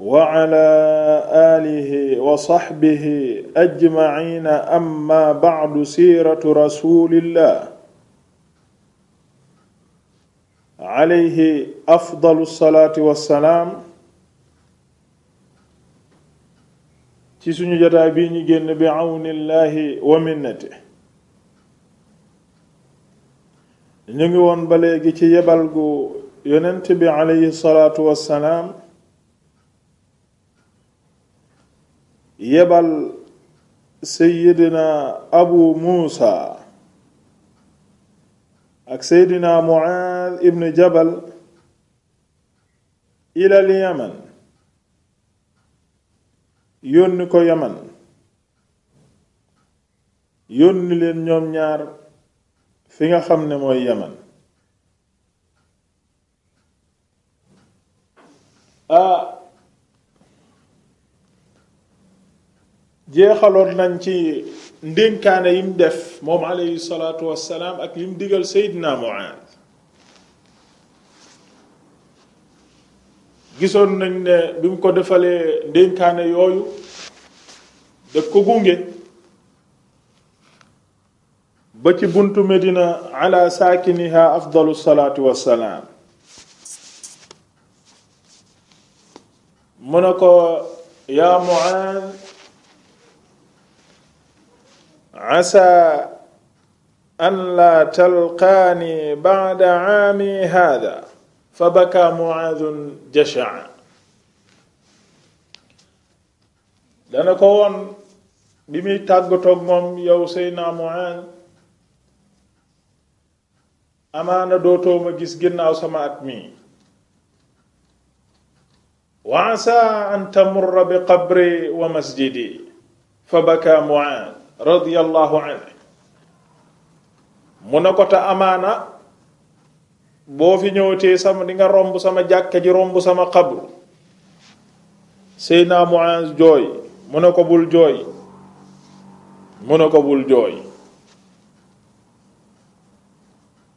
wa ala alihi wa sahbihi ajmaina amma ba'du siiratu rasulillah alayhi afdalu wa salaam ci suñu jotaay bii ñu génn bi awnillahi wa minnati ñu ngi woon ba léegi ci yebal gu yonent bi alayhi salaatu wa salaam yebal seydina abu muusa ak seydina muaaz ibn jabal ilal yaman yónni ko yaman yónni leen ñoom ñaar fi nga xam ne mooy yaman ah jeexaloon nañ ci ndénkaane yim def moom alayhi salaatu wassalaam ak yim digal Seydina Muaaz gisoon nañ ne bi mu ko defalee ndénkaane yooyu da ko gunge ba ci buntu Medina ala saakiniha afdalu salaatu wassalaam mu ne ko yaa Muaaz asaa an laa talqaani ba'da caami haadaa fa bakaa Mucaadun jashacan dana ko woon bi muy tàggatoog moom yow Seydina Mucaad amaana dootoo ma gis ginnaaw sama at mi wa asaa an tamurra bi qabri wa masjidi fa bakaa Mucaad radiyallahu anhu mu ne ko te amaana boo fi ñëwatee sama di nga romb sama jàkka ji romb sama xabru Seydina Muaz jooy mu ne ko bul jooy mu ne ko bul jooy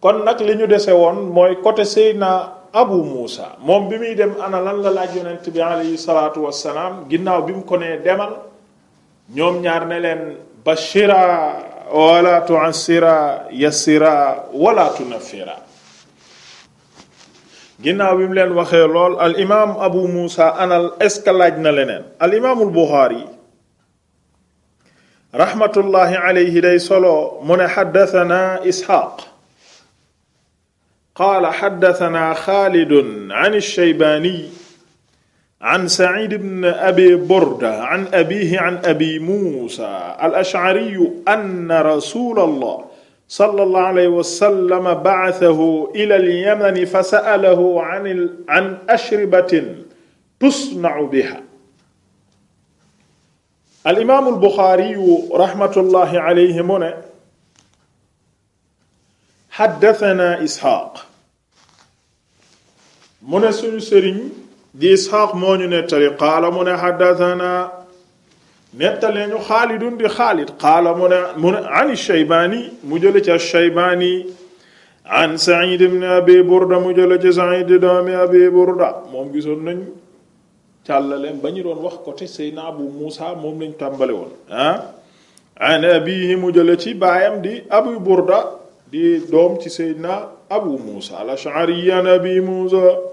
kon nag li ñu dese woon mooy côté Seydina Abu Muusa moom bi muy dem ana lan la laaj yonent bi alayhi salaatu wassalaam ginnaaw bi mu ko nee demal ñoom ñaar ne leen bashira wala tu'assira yassira wala tunaffira ginnaaw bi mu leen waxee lool al imaam abu muusa anal est-ce que laaj na leneen al imaamul buxaari raxmatullaahi alayhi day solo mu ne xaddatanaa isxaaq qaala xaddatanaa xaalidun an ash-shaybaani an Saïd ibn Abi Burda an abiihi an Abi Muusa al-Ash'ari anna rasuulallah sallallahu alayhi wa sallam ba'athahu ila al-Yaman fa sa'alahu an an ashribatin tusna'u biha. al-imaam al-Buxaari rahmatullahi alayhi mu ne haddathanaa Isxaaq mu ne suñu sëriñ. di isxaaq moo ñu nettali qaala mu ne xaddatana nettalee ñu xaalidun di xaalid qaala mu ne mu an ci shaybaani an said ibn abi burda mu jële ci said doomi abi burda moom gisoon nañ càllaleen ba ñu doon wax abu muusa moom lañ tàmbale woon ah. an abihi mu jële ci baayam di abu burda di doom ci seyna abu muusa al ash'ari abi muusa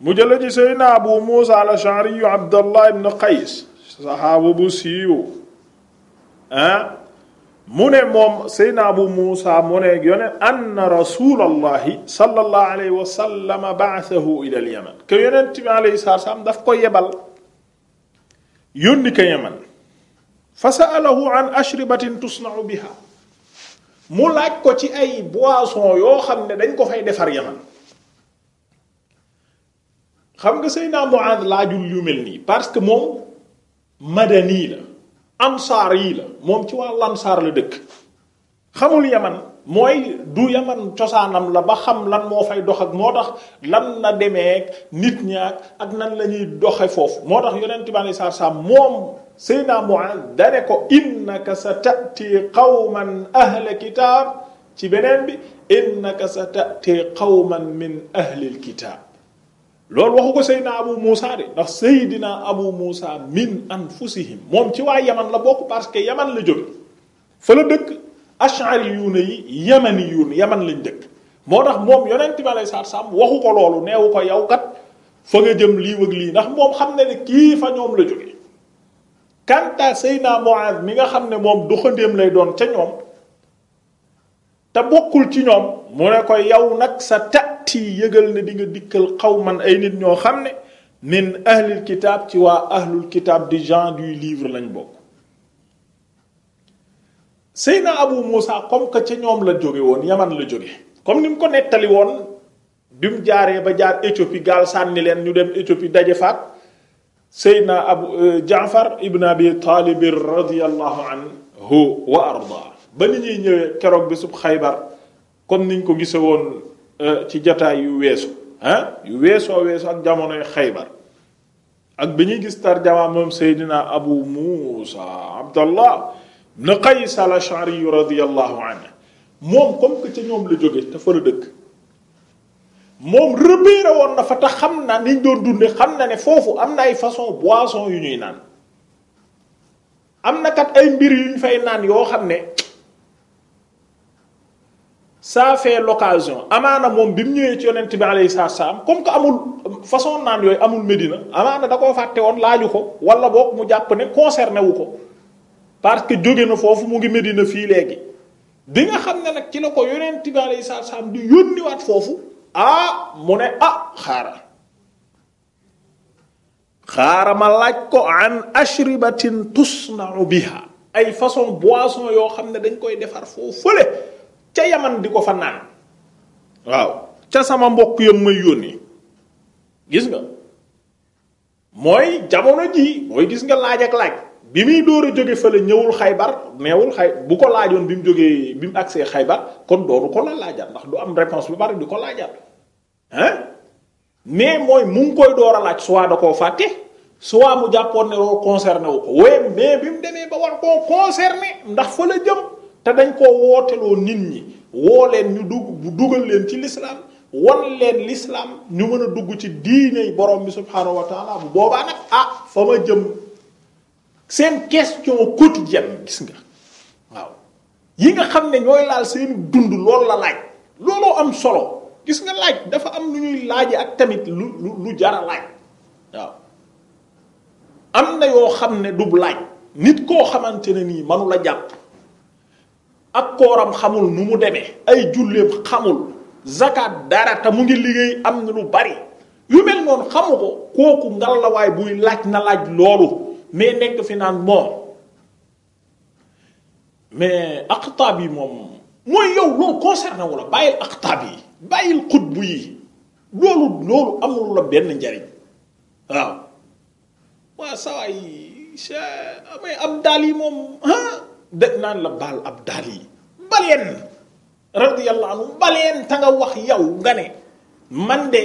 mu jële ci seydna abu muusa al-ash'ari yu abdallah ibn qays saxaabu bu siiw ah mu ne moom seydna abu muusa mu ne yoneen anna rasulallahi sallallahu alayhi wa sallam ila al-yaman ke yonent bi daf ko yebal yónni ko yaman fa sa'alahu an ashribatin tusna'u biha mu laaj ko ci ay boisson yoo xam ne dañ ko fay defar yaman xam nga naa Seydina Muaaz laajul yu mel nii parce que moom nii la ansaar yi la moom ci wàllu ansaar la dëkk xamul yaman mooy du yaman cosaanam la ba xam lan moo fay dox ak moo tax lan na demee nit ñaak ak nan la ñuy doxe foofu moo tax yonent bi alayhi salaatu salaam moom Seydina Muaaz dane ko innaka sata'ti qawman ahla kitaab ci beneen bi innaka sata'ti qawman min ahlil kitaab loolu waxu ko Seydina Abu Moussa de ndax Seydina Abu Moussa min anfusihim moom ci waa yaman la bokk parce que yaman la jóge fa la dëkk ash'ari yuuna yi yamani yuuna yaman lañ dëkk moo tax moom yonent bi alayhi salaatu salaam waxu ko loolu neewu ko yow kat fa nga jëm lii wëg lii ndax moom xam ne ne kii fa ñoom la jóge kanta Seydina Muaaz mi nga xam ne moom doxandéem lay doon ca ñoom te bokkul ci ñoom mu ne ko yow nag sa ta tati yëgal ne di nga dikkal xawman ay nit ñoo xam ne min ahlil kitaab ci waa ahlul kitaab di gens du livre lañ bokk Seyna Abu Muusa comme que ca ñoom la jóge woon Yaman la jóge comme ni mu ko nettali woon bi mu jaaree ba jaar Éthiopie gaal sànni leen ñu dem Éthiopie daje faat Seyna Abu euh, Jaafar ibn Abi Taalib radiyallahu anhu wa arda ba ni ñuy ñëwee keroog bi sub Xaybar comme niñ ko gise Euh, ci jataay yu weesu ah yu weesoo weesu ak jamonoy xaybar ak bi ñuy gis tarjama moom seydina abu muusa abdallah ibn qays al ashari radiyallahu anhu moom comme ca ñoom la jóge te fa la dëkk moom repéré woon na fa te xam na niñ doon dunde xam na ne foofu am na ay façon boisson yu ñuy naan am na kat ay mbir yu ñu fay naan yoo xam ne ça fait l'occasion amaana moom bi mu ñëwee ci yonent bi alayhi salaam comme que amul façon naan yooyu amul Medina amaana da ko fàtte woon laaju ko wala boog mu jàpp ne concerné wu ko parce que jóge na foofu mu ngi Medina fii léegi bi nga xam ne nag ci la ko yonent bi alayhi salaam di yónniwaat foofu ah mu ne ah xaaral xaaral ma laaj ko an ashribatin tusna'u biha ay façon boisson yoo xam ne dañ koy defar foofu fële. ca yaman di ko fa naan waaw ca sama mbokk yam may yónni gis nga mooy jamono ji mooy gis nga laaj ak laaj bi muy door a jóge fële ñëwul xaybar neewul xay bu ko laajoon bi mu jógee bi mu agsee xaybar kon dooru ko la laajaat ndax du am réponse bu bari di ko laajaat hein mais mooy mu ngi koy door a laaj soit da koo fàtte soit mu jàppoon ne woo concerné wu ko waaye mais bi mu demee ba war koo concerné ndax fa la jëm te dañ koo wooteloo nit ñi woo leen ñu bu dugal leen ci lislaam wan leen lislaam ñu mën a dugg ci diine borom bi subhaanahu wa taala bu boobaa nag ah fa ma jëm seen question quotidienne gis nga waaw yi nga xam ne ñooy laal seen dund loolu la laaj looloo am solo gis nga laaj dafa am lu ñuy laaje ak tamit lu lu lu jara laaj waaw am na yoo xam ne du laaj nit koo xamante ne nii manu la jàpp ak kooram xamul nu mu demee ay julleem xamul zakat dara te mu ngi liggéey am na lu bari yu mel noonu xamu ko kooku ngal la buy laaj na laaj loolu mais nekk fi naan moom mais aqtaab yi moom mooy yow loolu concerné wu la bàyyil aqtaab yi bàyyil xutbu yi loolu loolu amul la benn njariñ waaw waa sawaay amay am daal yi moom ah. dëgg naan la baal ab daal yi baleen radiyallahu anhu baleen ta nga wax yow nga ne man de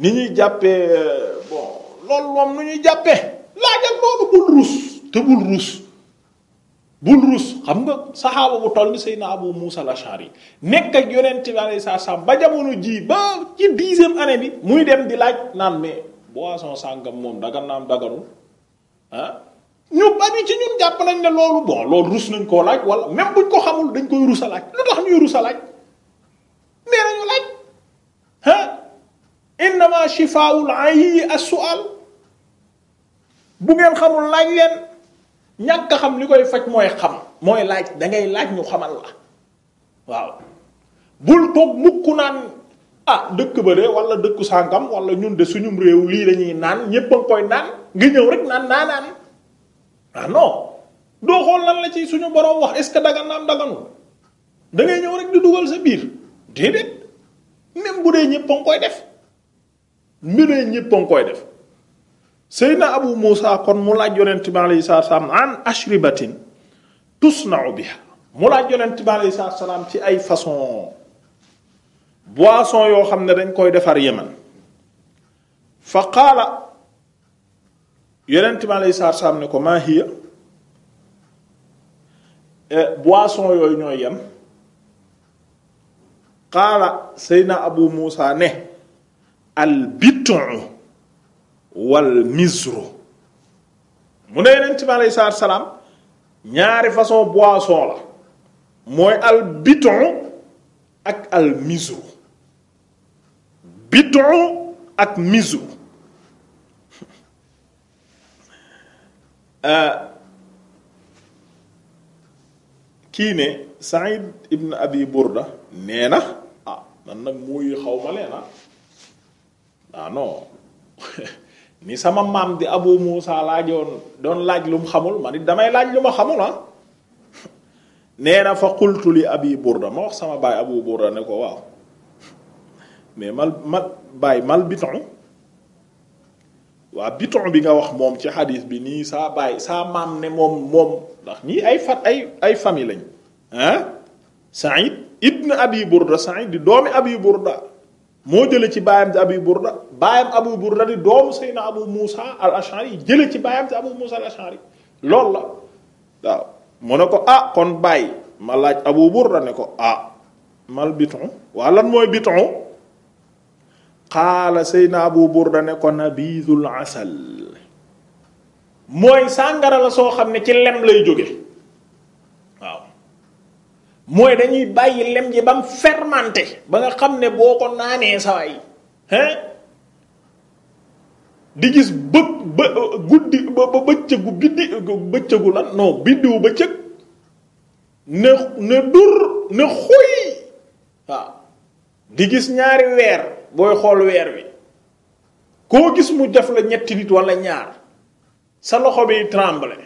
ni ñuy jàppe euh, bon moom nu ñuy jàppe laajal loolu bul rus te bul rus bul rus xam nga saxaaba bu toll ni Seydina Abu Musa al-Ash'ari nekk ak yonent bi alayhi salaam ba jamono ji ba ci dixième année bi muy dem di laaj naan mais boisson sàngam moom dagan naam daganul ah? ñu bari ci ñun jàpp nañ ne loolu bon loolu rus nañ koo laaj wala même buñ ko xamul dañ koy rusa laaj lu tax ñuy rusa laaj nee nañu laaj ah innama shifaa'ul ayyi as-su'al bu ngeen xamul laaj leen ñàkk xam li koy faj mooy xam mooy laaj da ngay laaj ñu xamal la waaw bul toog mukk naan ah dëkk ba de wala dëkk sàngam wala ñun de suñum réew lii lañuy naan ñépp a ngi koy naan nga ñëw rek naan naanaan ah doo xool lan la ci suñu borom wax est-ce que dagan naam daganul da ngay ñëw rek di dugal sa biir déedéet même bu dee ñëpp a ngi koy def mbir dee koy def Seydina Abu Muusa kon mu laaj yonent bi alayhi salaatu salaam an ashribatin tusna'u biha mu laaj yonent bi alayhi salaatu salaam ci ay façon boisson yoo xam ne dañ koy defar Yemen fa qaala yonent bi alayhi salaatu salaam ne ko maa hiya eh, boisson yooyu ñooy yem qaala sayna abu muusa ne al bitu wal mizru mu ne yonent bi alayhi salaatu salaam ñaari façon boisson la mooy al bitu ak al mizru bitu ak mizru Euh, kii ne Saïd ibn Abi Burda nee na ah man nag muy xaw ma leena ah, ah non ni sama maam di Abu Muusa laajoon doon laaj lu xamul man damay laaj lu ma xamul ah nee na fa qultu li Abi Burda ma wax sama baay Abu Burda ne ko waaw mais mal mal baay mal biton waa biton bi nga wax moom ci xadis bi nii saa baay saa maam ne moom moom ndax ñii ay fa ay ay famille lañ ah Saïd ibn Abi Burda Saïd di doomi Abi Burda moo jële ci baayam di Abi Burda baayam Abu Burda di doomu Seyna Abu Musa al-Ash'ari jële ci baayam di Abu Musa al-Ash'ari loolu la waaw mu ne ko ah kon bàyyi ma laaj Abu Burda ne ko ah mal biton waa lan mooy biton xaala sayna abu burda ne ko nabiidul asal mooy sàngara la soo xam ne ci lem lay jóge waaw mooy dañuy bàyyi lem ji ba mu ba nga xam ne boo ko naanee saway hein di gis bëgg ba guddi ba bëccëgu bëccëgu lan non biddiwu bëccëg ne ne dur ne xuy waaw di gis ñaari weer booy xool weer bi koo gis mu def la ñetti nit wala ñaar sa loxo bi tremble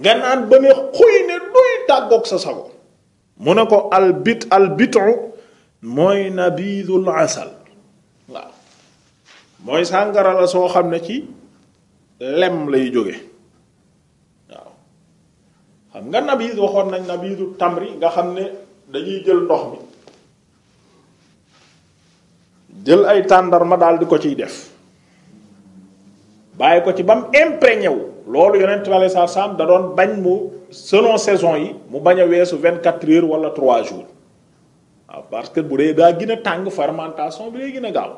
nga naan ba ne xuy ne duy tàggoog sa sago mu ne ko albit albitu mooy nabidul asal waaw mooy sàngara la soo xam ne ci lem lay jóge waaw xam nga nabid waxoon nañ nabidu tamri nga xam ne dañuy jël ndox mi jël ay tàndarma daal di ko ciy def bàyyi ko ci ba mu imprégné wu loolu yonent bi saa saam da doon bañ mu selon saison yi mu bañ a weesu vingt quatre heures wala trois jours waaw ah, parce que bu dee daa gën a tàng fermentation bi day gën a gaaw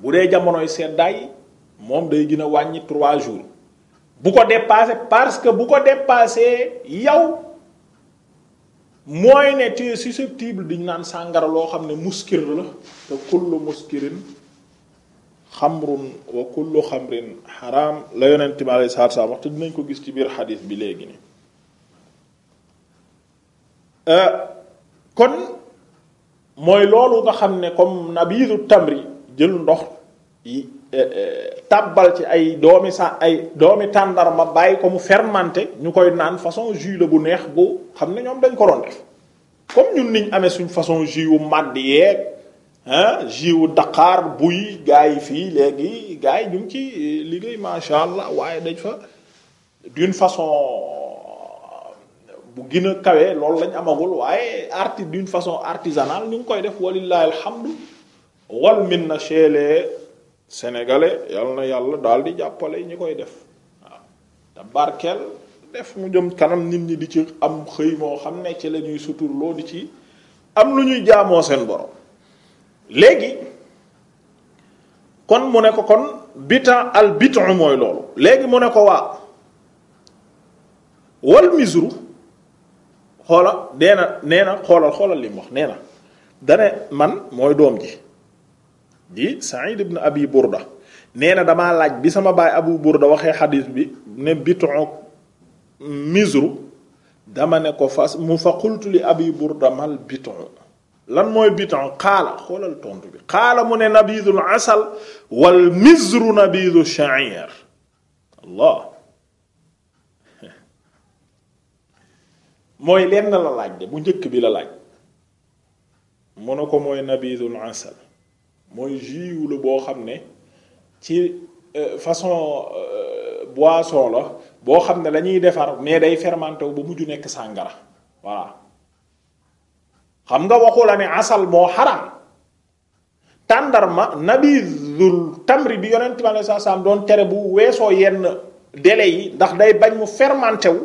bu dee jamonoy seddaay moom day gën a wàññi trois jours bu ko dépassé parce que bu ko dépassé yow mooy ne tu es susceptible naan sàngara loo xam ne muskir la te kullu muskirin xamrun wa kullu xamrin xaraam la yonent bi alayhi salaatu salaam wax te dinañ ko gis ci biir xadiis bi léegi ni euh, kon mooy loolu nga xam ne comme nabidu tamri jël ndox yi Eh, eh, tàbbal ci ay doomi sa ay doomi tàndarma bàyyi ko mu fermante ñu koy naan façon jus la bu neex bu xam ne ñoom dañ ko doon def comme ñun niñ amee suñ façon jus yu màdd yeeg ah jus wu Dakar buy gars yi fii léegi gars yi ñu ci liggéey macha allah waaye dañ fa d'une façon bu gën a lool lañ amagul waaye arti d'une façon artisanale ñu ngi koy def walillahi alhamdu wal minna sheele sénégalais yal na yàlla daal di jàppale ñi koy def waaw te barkeel def mu jëm kanam nit ñi di ci am xëy moo xam ne ci la ñuy suturloo di ci am lu ñuy jaamoo seen borom léegi kon mu ne ko kon bitan al bitu mooy loolu léegi mu ne ko waa wal misru xoola nee na nee na xoolal xoolal li wax nee na dane man mooy doom ji di Sa'id ibn Abi Burda nee na damaa laaj bi sama baay Abu Burda waxee xadiis bi ne biton misru dama ne ko fas mu fa qultu li Abi Burda mal biton lan mooy biton xaala xoolal tontu bi xaala mu ne nabidul asal wal misru nabidu sha'ir allah mooy la laaj bu njëkk bi la laaj mu ne ko mooy nabidul asal mooy jus la boo xam ne ci euh, façon euh, boisson la boo xam ne lañuy defar mais day fermenté wu ba mujj nekk sàngara waa xam nga waxu la ne asal moo xaraam tàndarma nabizul tamri bi yonent bi saa saam doon tere bu weesoo yenn délai yi ndax day bañ mu fermenté wu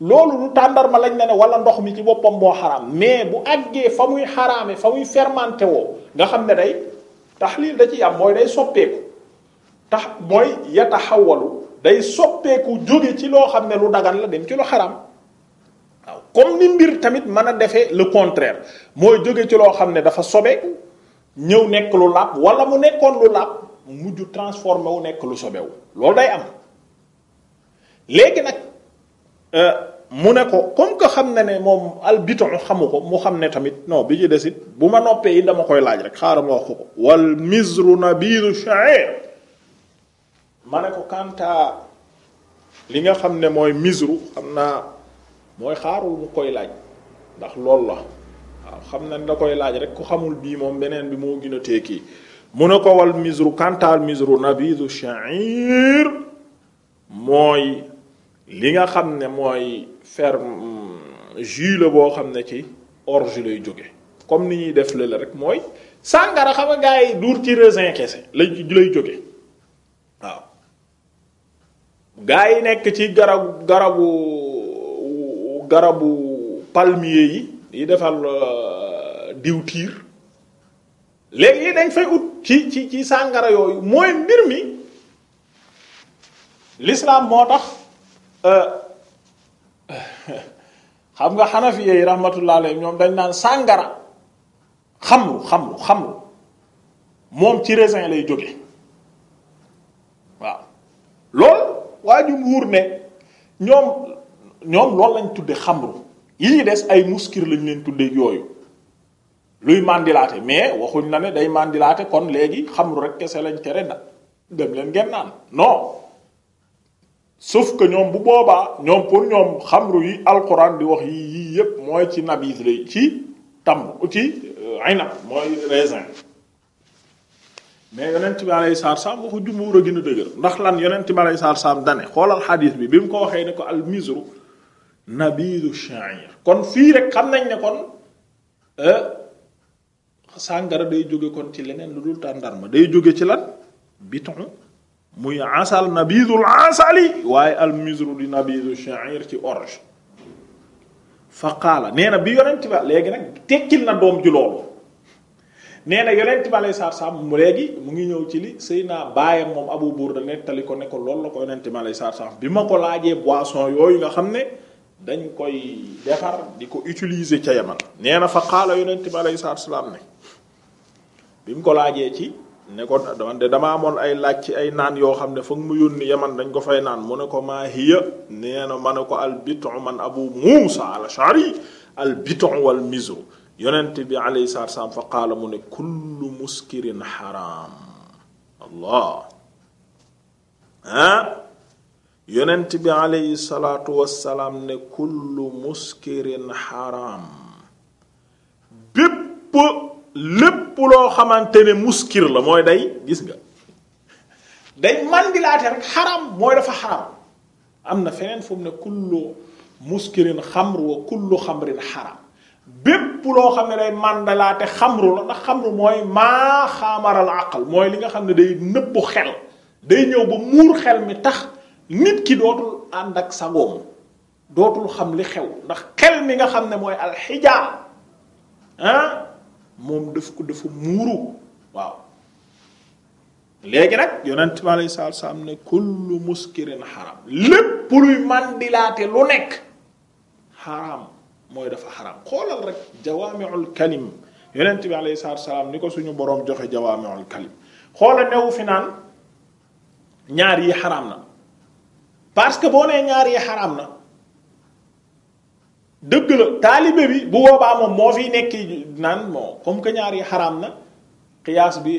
loolu lu tàndarma lañ ne ne wala ndox mi ci boppam moo xaraam mais bu àggee fa muy xaraame fa muy fermenté woo nga xam ne day taxliil da ci am mooy day soppeeku tax mooy yataxawalu day soppeeku jóge ci loo xam ne lu dagan la dem ci lu xaram waaw comme ni mbir tamit mën a defe le contraire mooy jóge ci loo xam ne dafa sobeeku ñëw nekk lu làpp wala mu nekkoon lu làpp mu mujj transformé wu nekk lu sobewu loolu day am léegi nag. Euh, mu ne ko comme que xam na ne moom albiton xamu ko mu xam ne tamit non bi ci desit bu ma noppee yi dama koy laaj rek xaaral ma wax ko ko wal misru nabidu sha'ir ma ne ko kanta li nga xam ne mooy misru xam naa mooy xaarul mu koy laaj ndax loolu la waaw xam na ne da koy laaj rek ku xamul bii moom beneen bi moo gën a teekii mu ne ko wal misru kanta al misru nabidu sha'ir mooy li nga xam ne mooy ferme mm, jus boo xam ne ci orge lay jóge comme ni ñuy def la rek mooy sàngara xam nga gaa duur ci raisin kese lay lay jóge waaw gaa yi nekk ci garab garabu garabu palmier yi yi defal euh, diw tiir léegi dañ fay ut ci ci ci sàngara yooyu mooy mbir mi l'islam moo tax Euh, xam nga xanafi yi rahmatullah alayhi ñoom dañ naan sàngara xamru xamru xamru moom ci raisin lay jóge waaw loolu waa jumhuur ne ñoom ñoom loolu lañ tudde xamru yi des ay muskir lañ leen tudde yooyu luy mandilaate mais waxuñ na ne day màndilaate kon léegi xamru rek kese lañ tere na dem leen ngeen naan non sauf que ñoom bu boobaa ñoom pour ñoom xamru yi alquran di wax yii yii yépp mooy ci nabis lay ci tam ci euh, aynab mooy raisin mais yonent bi alayhi salaatu salaam waxu jumhuur a gën a dëgër ndax lan yonent bi alayhi salaatu dane xoolal xadiis bi bi mu ko waxee ne ko al misru nabidu sha'ir kon fii rek xam nañ ne kon euh, sàngara day jóge kon ci leneen lu dul tàndarma day jóge ci lan biton muy asal nabidul asali waaye al misru di nabidu sha'ir ci orge fa qaala nee na bi yonent ba léegi nag tekkil na doom ji loolu nee na yonent ba lay saar saam mu léegi mu ngi ñëw ci li sëy naa baayam moom Abu Burda nettali ko ne ko loolu la ko yonent ba lay saar saam bi ma ko laajee boisson yooyu nga xam ne dañ koy defar di ko utiliser ca Yaman nee na fa qaala yonent ba lay saar saam ne bi mu ko laajee ci ne ko man de dama amoon ay laaj ci ay naan yoo xam ne foog mu yónni yaman dañ ko fay naan mu ne ko maa hiya nee na ma ne ko al bitu man abu muusa al ashari al bitu wal miso yonent bi alayhi mu ne kullu muskirin xaraam allah ah yonent bi alayhi lépp loo xamante ne muskir la mooy day gis nga day mandilaate rek xaram mooy dafa xaram am na feneen fu ne kullu muskirin xamr wa kullu xamrin xaram bépp loo xam ne day mandalaate xamru la ndax xamru mooy maa xaamaral àqal mooy li nga xam ne day nëbbu xel day ñëw ba muur xel mi tax nit ki dootul ànd ak sagoom dootul xam li xew ndax xel mi nga xam ne mooy alxijaab ah, moom daf ko dafa muuru waaw léegi nag yonent bi alayhi salaatu salaam ne kullu muskirin xaram lépp luy mandilaate lu nekk xaram mooy dafa xaram xoolal rek jawaami'ul kalim yonent bi alayhi sa salaam ni ko suñu boroom joxe jawaami'ul kalim xoola newu fi naan ñaar yi xaraam na parce que boo nee ñaar yi xaraam na dëgg la taalibe bi bu boobaa moom moo fiy nekk naan bon comme que ñaar yi xaraam na xiyaas bi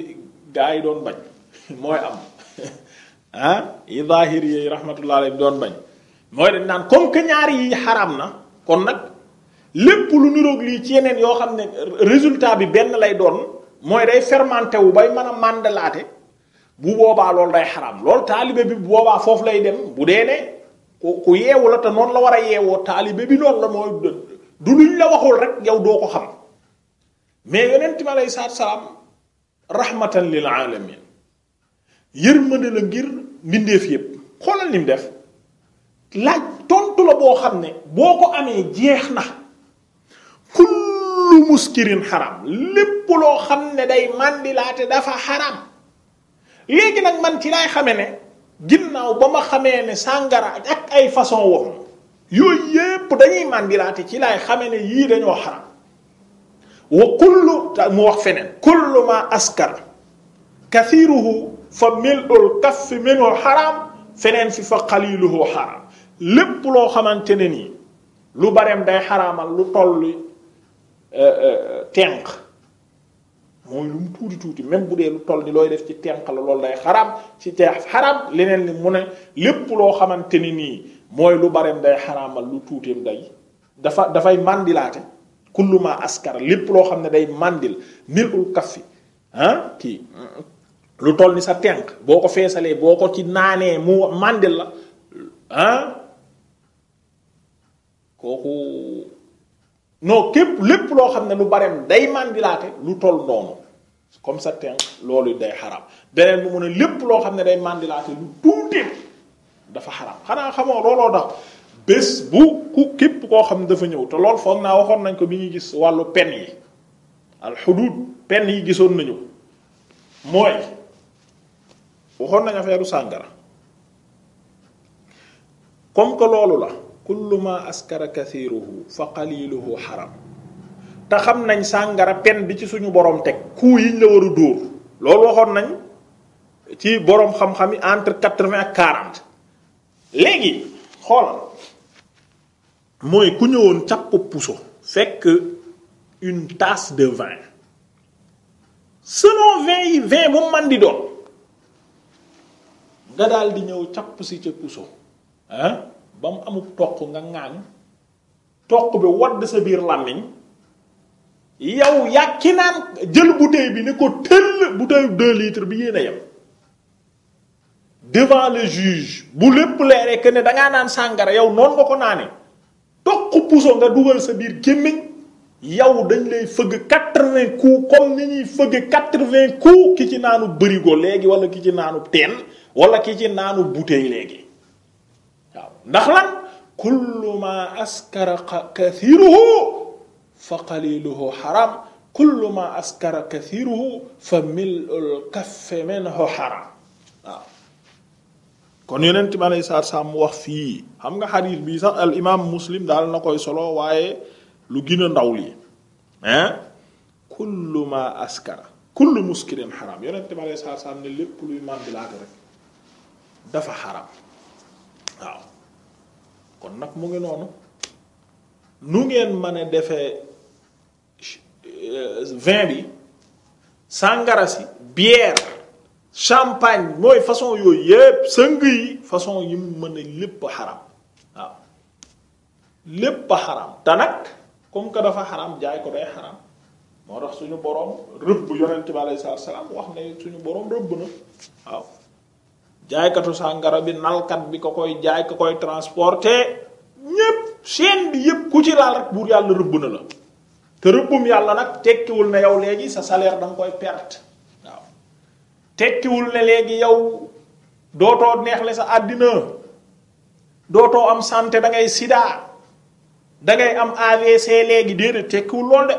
gaa yi doon bañ mooy am ah doon bañ mooy dañ naan comme que ñaar yi xaram na kon nag lépp lu niroog lii ci yeneen yoo xam ne résultat bi benn lay doon mooy day fermenté wu bay mën a màndalaate bu boobaa loolu day xaram loolu taalibe bi bu boobaa foofu lay dem bu dee ne ku yeewu la te noonu la war a yeewoo taalibe bi noonu la mooy du luñ la waxul rek yow doo ko xam mais yonent bi alayhi salaatu salaam rahmatan lil alamin yërmande la ngir mbindeef yépp xoolal ni def laaj tontu la boo xam ne boo ko amee jeex na kullu muskirin xaram lépp loo xam ne day màndilaate dafa xaram léegi nag man ci laay xame ne ginnaaw ba ma xamee ne sàngara ak ay façon wom yooyu yépp dañuy màndilaate ci laay xamee ne yii dañoo xaram wa kullu mu wax feneen kullu ma askar kathiruhu fa mil'ul kaffi minhu xaram feneen fi fa qaliluhu xaram lépp loo xamante ne nii lu bareem day xaraamal lu toll euh, euh, tenq mooy lu mu tuuti tuuti même bu dee lu toll ni looy def ci tenq la loolu day xaram ci teex xaraam leneen li mu ne lépp loo xamante ni nii mooy lu bareem day xaraamal lu tuuteem day dafa dafay mandilaate kulluma askara lépp loo xam ne day mandil milul kaffi ah kii lu toll ni sa tenq boo ko feesalee boo ko ci naanee mu mandil la ah kooku noo képp lépp loo xam ne lu bareem day mandilaate lu toll noonu comme ça loolu day xaram beneen bi mu ne lépp loo xam ne day mandilaate lu tuuti dafa xaram xanaa xamoo looloo tax bés bu ku képp koo xam ne dafa ñëw te lool foog naa waxoon nañ ko bi ñuy gis wàllu pen yi alxudud pen yi gisoon nañu mooy waxoon nañ affaire sàngara comme que loolu la. kullu ma askara kathiruhu fa qaliluhu haram te xam nañ sàngara pen bi ci suñu boroom teg ku yiñ la war a dóor loolu waxoon nañ ci boroom xam-xam yi entre quatre-vingt quarante léegi xoolal mooy ku ñëwoon càpp puso fekk une tasse de vin selon vin yi vin bu man di doon nga daal ñëw càpp si ca puso ba mu amuk toq nga ŋaan toq bi wadd sa biir làmmiñ yow yàkki naan jël bouteille bi ni ko tëll bouteille deux litres bi yéen a yem devant le juge bu lépp leeree que ne dangaa naan sàngara yow noonu nga ko naane toq puso nga dugal sa biir gémmiñ yow dañ lay fëgg quatre-vingts coups comme ni ñuy fëgg quatre-vingts coups ki ci naanu bërigo léegi wala ki ci naanu teen wala ki ci naanu bouteille léegi waaw ndax lan kullu ma askara kathiruhu fa qaliluhu xaram kullu ma askara kathiruhu fa mil'ul kaffi kon yonent bi aleyhi salaatu mu wax fii xam nga xadiis bi sax al imaam muslim daal na koy solo waaye lu gën a ndaw lii hein kullu ma askara kullu muskirin xaram yonent bi rek dafa xaram waaw kon nag mu ngi noonu nu ngeen mën a defee euh, vin bi sàngara si bière champagne mooy façon yooyu yépp sëng yi façon yi mu mën a lépp xaram waaw lépp a xaram te nag comme que dafa xaram jaay ko day xaram moo tax suñu boroom rëbb yonent bi alayhi salaam wax ne suñu boroom rëbb na waaw jaaykatu sàngara bi nalkat bi ko koy jaay ko koy transporter ñépp seen bi yépp ku ci laal rek buur yàlla rëbb na la te rëbbum yàlla nag tekkiwul na yow léegi sa salaire danga koy perte waaw tekkiwul ne léegi yow dootoo neexle sa àddina dootoo am santé da ngay sida da am AVC léegi déedéet tekkiwul lool de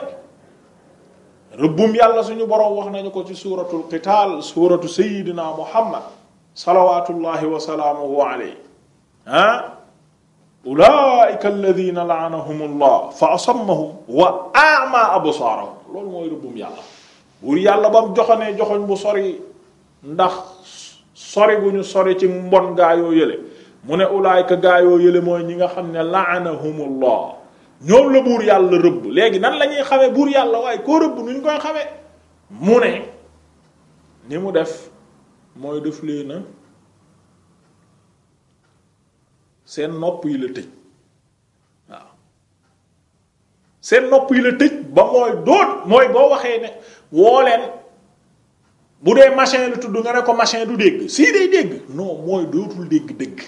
rëbbum yàlla suñu borom wax nañu ko ci suuratul qitaal suuratu sayyidina muhammad salawaatullahi wa salaamuhu alayhi ah ulaika alladina laanahum allah fa asammahum wa ama absaarahum loolu mooy rëbbum yàlla buur yàlla ba mu joxonee joxoñ bu sori ndax sori bu ñu sori ci mbon gaa yoo mu ne ulaayka gaa yoo yële mooy ñi nga xam ne laanahumullah ñoom la buur yàlla rëbb léegi nan la ñuy xamee buur yàlla waaye koo rëbb nu ñu koy xamee mu ne ni mu def mooy def leen na seen nopp yi la tëj waaw seen nopp la tëj ba mooy doot mooy boo waxee ne woo leen bu dee machin lu tudd nga ne ko machine du dégg sii day dégg non mooy dootul dégg dégg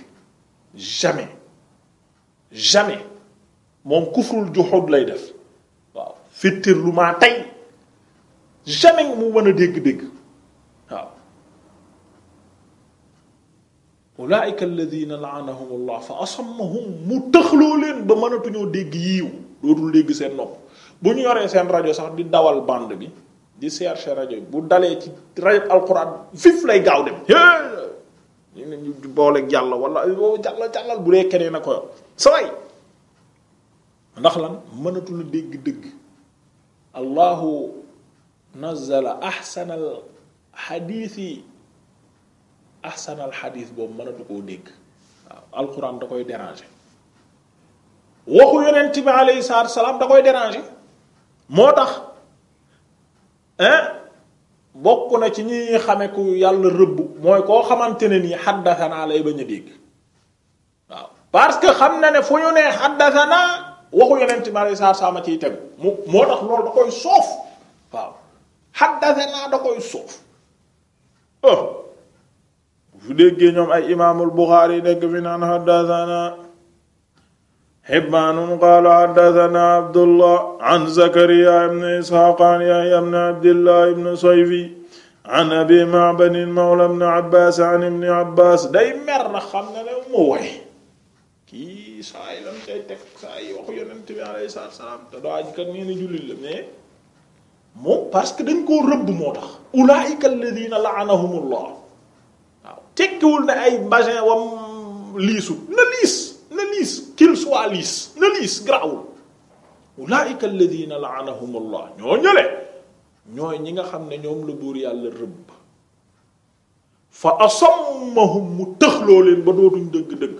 jamais jamais moom kufrul juhud lay def waaw fittir lu maa tey jamais mu mën a dégg dégg waaw ulaika alladina laanahum allah fa asammahum mu tëxloo leen ba mënatuñoo dégg yiiw dootul dégg seen nopp bu ñu yoree seen rajo sax di dawal band bi di chercher rajo bu dalee ci rajo alquran fif lay gaaw dem ñu ne oh, bu dee keneen a ko yor saway ndax lan mënatul dégg dëgg allahu nazzala ahsanal xadiisi ahsanal xadiis boobu mënatu koo dégg waaw alxuraan da koy déranger waxu yonent bi alayhi salaatu salaam da koy déranger moo tax hein bokk na ci ñi xame ku yàlla rëbb mooy koo xamante ne nii xaddasanaa lay bañ a dégg waaw parce que xam na ne fu ñu nee xaddasanaa waxu yonent bi alayhi salaatu salaam a ciy tegu mu moo tax loolu da koy soof waaw xaddasanaa da koy soof oh su déggee ñoom ay imaamul buxaari nekk fi naan xaddathana xibbaanun qaala xaddathana abdullah an zakariya ibne an yahya ibne abdillah ibne soyfi an abi maabanin mawla ibne abbas an ibne abbas day mer na xam ne ne mu way kii saa yi lam cay teg saa yi waxu yonent bi alayhi la mais moom parce que dañ koo rëbb moo tax ulaa'ika alladhiina la'anahumullah tekkiwul ne ay basin wam liisu na liis na liis qu'il soit liis na liis garaawul ulaika alladina laanahum allah ñoo ñële ñooy ñi nga xam ne ñoom la buur yàlla rëbb fa asammahum mu tëxloo leen ba dootuñ dëgg-dëgg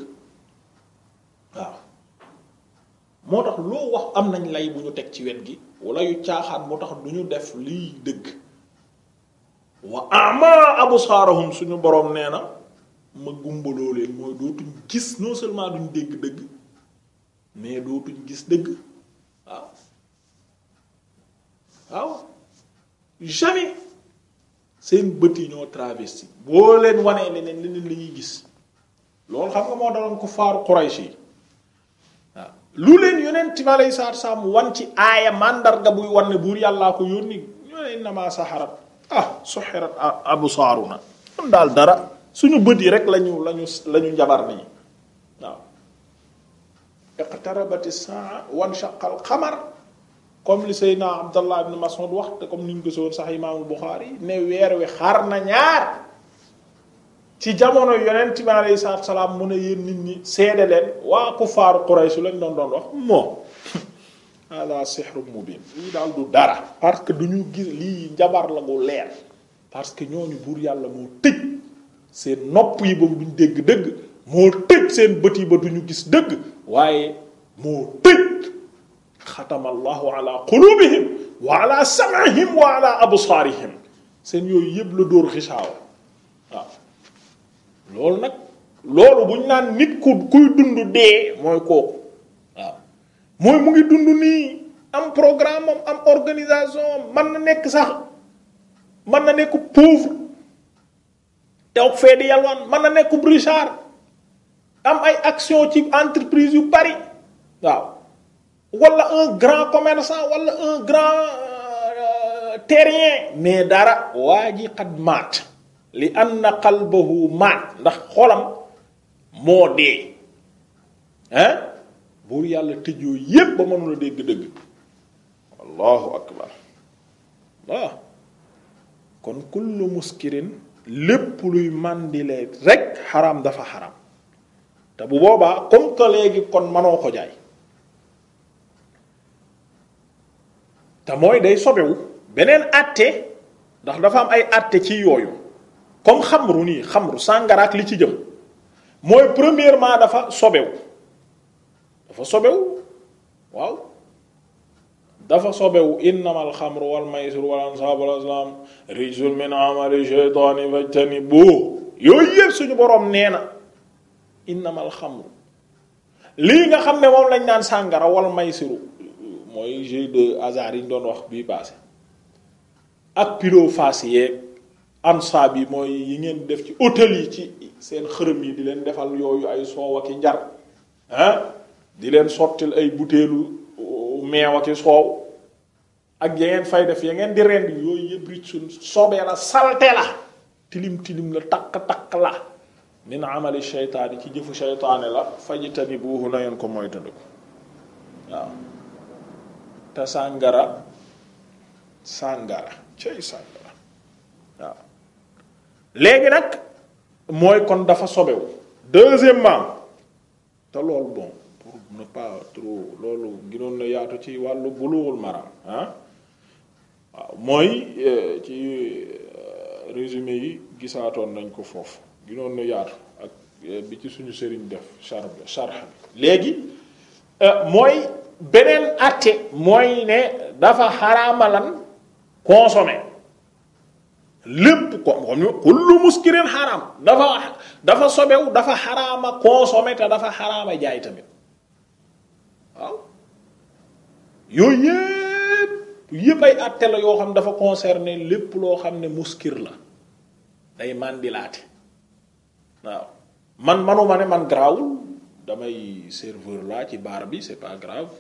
waaw moo tax loo wax am nañ lay bu ñu teg ci wet gi wala yu caaxaan moo tax duñu def liy dëgg wa abu absaarahum suñu boroom nee na ma gumbaloo leen mooy dootuñ gis non seulement duñ dégg dëgg mais dootuñ gis dëgg waaw jamais seen bët yi ñoo travesti boo leen wanee leneen li ñuy gis loolu xam nga moo daloon ko faaru Quraysh yi lu leen yonent bi aleyhi salaatu salaam wan ci aaya màndarga buy wan ne buur yàllaa ko yónni ñoo ne saxarat ah suxirat absaaruna ñun daal dara suñu bët yi rek lañu lañu lañu njabar nii waaw iqtarabati saa wanshaqal xamar comme li Seydina Abdallah ibn Mas'ud wax te comme ni ñu gisoon sax imaamu Buxaari ne weer wi xar na ñaar ci jamono yonent bi yi salaatu wa mu ne yéen nit ñi seede leen waa kuffaaru Quraysh lañ doon doon wax moo ala sihru mubin lii daal du dara parce que du ñu gis lii njabar la gu leer parce que ñooñu buur yàlla moo tëj seen nopp yi ba duñ dégg dëgg moo seen bët yi ba duñu gis dëgg waaye moo tëj xatama ala qulubihim wa ala sam'ihim absaarihim seen yooyu yëpp la dóor xisaawa loolu nag loolu buñ naan nit ku kuy dund dee mooy kooku mooy mu ngi dund nii am programme am am organisation man na nekk sax man na nekku pauvre tew fee di yalwaan man na nekk brichard am ay action ci entreprise yu bari waaw wala un grand commerçant wala un grand euh, terrien mais dara waa ji xat maat li anna qalbahu maat ndax xolam moo dee hein buur yàlla tëjoo yépp ba mënula dégg dëgg allahu akbar waaw kon kullu muskirin lépp luy màndilee rek xaram dafa xaram te bu boobaa comme ko léegi kon manoo ko jaay te mooy day sobewu beneen àtte ndax dafa am ay àtte ci yooyu comme xamru nii xamru sàngara ak li ci jëm mooy premièrement dafa sobewu dafa sobewu waaw dafa sobewu innamal xamru wal maysiru wal ansaabu wal azlaamu rijsun min amali shaytaani fajtanibuuhu yooyu yëpp suñu boroom nee na innamal xamru lii nga xam ne moom lañ naan sàngara wal maysiru mooy jeu de hasard yi ñu doon wax bii passé ak pyrofas yeeg ansaab yi mooy yi ngeen def ci hôtel yi ci seen xërëm yi di leen defal yooyu ay soow ak i njar di leen sottil ay butéelu uh, meew ak soow ak ya ngeen fay def ya ngeen di rend yooyu yëpp ricc suñ sobee la salte la tilim tilim la takk takk la min amali shaytaani ci jëfu shaytaane la fajtanibuuhu na ngeen ko moytandu ko waaw te sàngara sàngara cey sàngara waaw léegi nag mooy kon dafa sobewu deuxièmement te loolu bon mun na loolu ginoon na yaatu ci wàllu bulughul maram ah waaw mooy euh, ci euh, résumé yi gisaatoon nañ ko foofu ginoon na yaatu ak euh, bi ci suñu sëriñ def charb charx léegi mooy beneen àtte mooy ne dafa xaraamalan consommer lépp ko xam ne kullu dafa dafa sobew dafa xaraama consommer te dafa xaraama jaay tamit waaw yooyu yëpp yëpp ay àtte la yoo xam dafa concerner lépp loo xam ne muskir la day màndilaate waaw man manuma ne man garaawul damay serveur laa ci baar bi c'est pas grave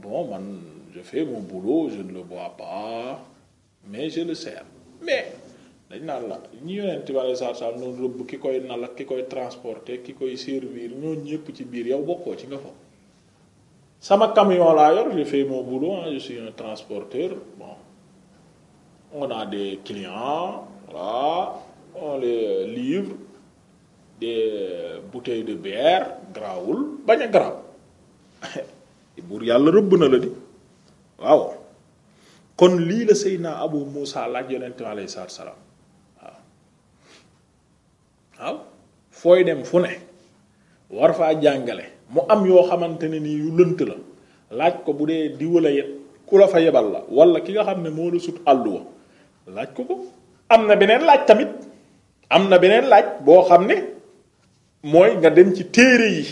bon man je fais mon boulot je le bois pas mais je le sers mais dañ naan la ñi yonent bi alei satu salaam noonu rëbb ki koy nal ak ki koy transporter ki koy servir ñoo ñëpp ci biir yow bokkoo ci nga fa sama camion laa yor j'ai fait mon boulot hein, je suis un transporteur bon on a des clients voilà on les euh, livre euh, de bière grawul bañ a graw buur yàlla rëbb na la di waaw kon lii la Seydina Abu Muusa laaj yonent bi alayhi salaatu salaam waaw waaw jàngale mu am yoo xamante ne nii yu lënt la laaj ko bu dee diwa la yet ku la fa yebal la wala ki nga xam ne moo la sut àll laaj ko ko am na beneen laaj tamit am na beneen laaj boo xam ne mooy nga dem ci téere yi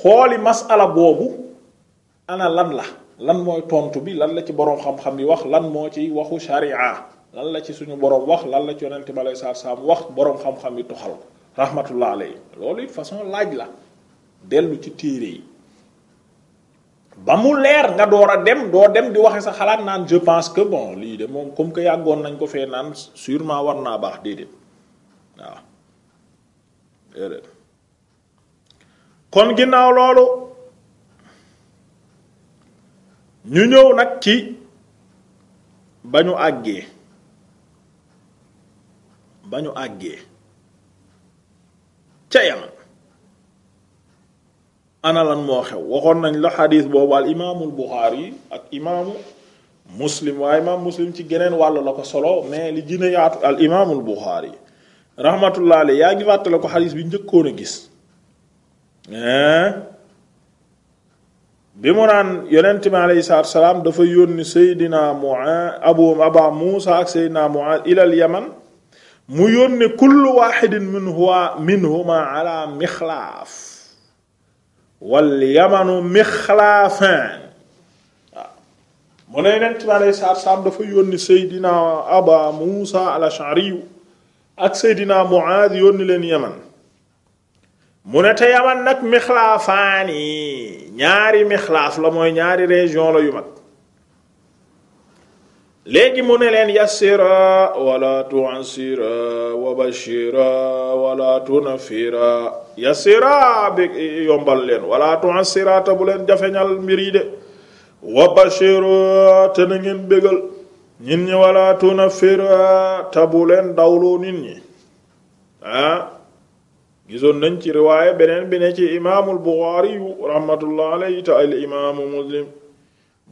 xooli masala boobu ana lan la lan mooy tontu bi lan la ci boroom xam-xam yi wax lan moo ci waxu sharia lan la ci suñu boroom wax lan la ci yonent bi alayhi salaam wax boroom xam-xam yi toxal ko rahmatullah alayhi loolu it façon laaj la dellu ci téere yi ba mu leer nga door a dem doo dem di waxe sa xalaat naan je pense que bon lii de moom comme que yàggoon nañ ko fee naan sûrement war naa baax déedéet waaw kon ginnaaw loolu ñu ñëw nag ci ba ñu àggee ba ñu àggee ca yaman ana lan moo xew waxoon nañ la xadiis boobu al imaamul Buxaari ak imaamu muslim waaye imaam muslim ci geneen wàll la ko solo mais li gën a yaatu al imaamul Buxaari rahmatullah alayhi yaa ngi fàttale ko xadiis bi njëkkoon a gis bi mu naan yonent bi aleyhi salaam dafa yónni Seydina Mu'aaz Abu Aba Muusa ak Seydina Mu'aaz ilal yaman mu yónne kullu waaxidin minhuwa minhuma ala mixlaaf wal yamanu mu ne yonent bi aleyhi salaatu salaam Seydina Aba Muusa al-Ash'ari ak Seydina Muaaz yónni leen yaman mu ne te yaman nag mixlaafaani ñaari mixlaaf la mooy ñaari région la yu mag léegi mu ne leen yassira wala tu'assira wa bashira wala tunafira yassira bi yombal leen wala tu'assira te bu leen jafeñal mbir yi de wa bashira te na ngeen bégal nit ñi wala tunafira te bu leen dawloo nit ñi ah nañ ci riwaaya beneen bi ne ci imaamul Buxaari rahmatullah alayhi te imaamu Muslim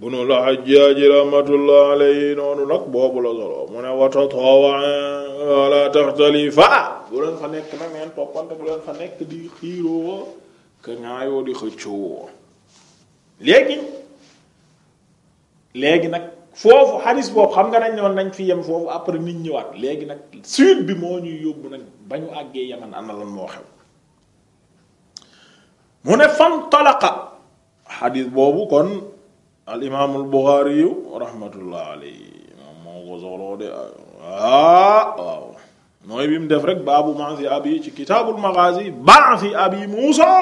bunu la Hajjaaj rahmatullah alayhi noonu nag boobu la solo mu ne wa tatawaan wala taxtalifa bu leen fa nekk nag ngeen toppante bu leen fa nekk di xiiroo ka ñaayoo di xëccoo léegi nag foofu xadis boobu xam nga nañ ne woon nañ fi yem foofu après nit ñëwaat léegi nag suite bi moo ñuy yóbbu nag ba ñu àggee yaman ana lan moo xew mu ne fan talaqa xadis boobu kon al imaamul Buxaari yu rahmatullah alayhi moom moo ko soloo de ah waaw mooy bi mu def rek baabu maasi abi ci kitaabul maghaazi baasi abi Muusa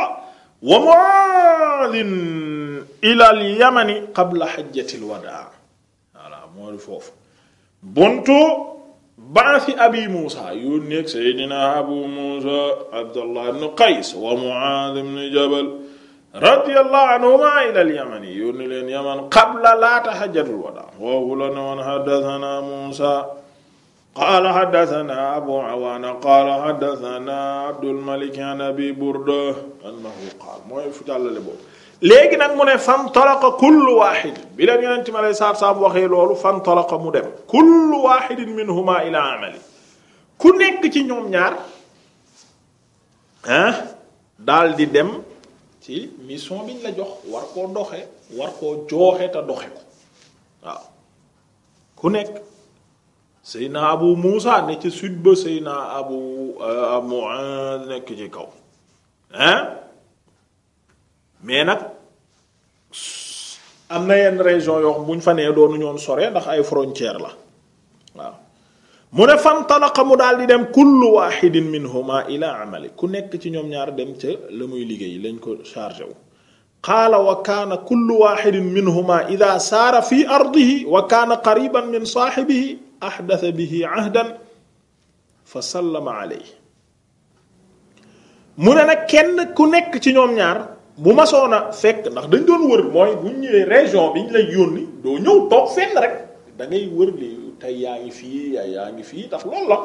wa Mu'aadin ilal yamani qabla hajjatil wadaa voilà mooy foofu buntu baasi abi Muusa yu nekk Seydina Abu Muusa Abdullah ibn Qays wa Mu'aad ibn Jabal radiyallahu anhuma ila al-yaman yónni leen yaman qabla laata hajjatul wadaa woowu la ne woon haddathana Muusa qaala haddathana Abu Awaana qaala haddathana Abdul Malik an Abi Burda fu jàllale boobu léegi nag mu ne fantalaqa kullu waahid bi leen yonent ma lay saab saab waxee mu dem kullu waahidin minhuma ila amali ku nekk ci ñoom ñaar ah dem. ci mission biñ la jox war koo doxe war koo jooxe te doxe ko waaw ku nekk Seyna Abu Muusa ne ci sud ba Seyna euh, Abu Mu'aaz nekk ci kaw hein mais nag am na yenn région yoo xam ñu fa nee doonu ñoon sore ndax ay frontière la waaw mu ne fantalaqa mu daal di dem kullu wahidin minhuma ila amali ku nekk ci ñoom ñaar dem ca la muy liggéey lañ ko chargé wu qaala wa kaana kullu wahidin minhuma ida saara fi ardihi wa kaana qariban min saaxibihi axdata bihi ahdan fa mu ne nag kenn ku nekk ci ñoom ñaar bu masoon a fekk ndax dañ doon wër mooy bu ñu ñëwee région bi ñu lay yónni doo ñëw toog fenn rek wër tey yaa ngi fii yaay yaa ngi fii ndax loolu la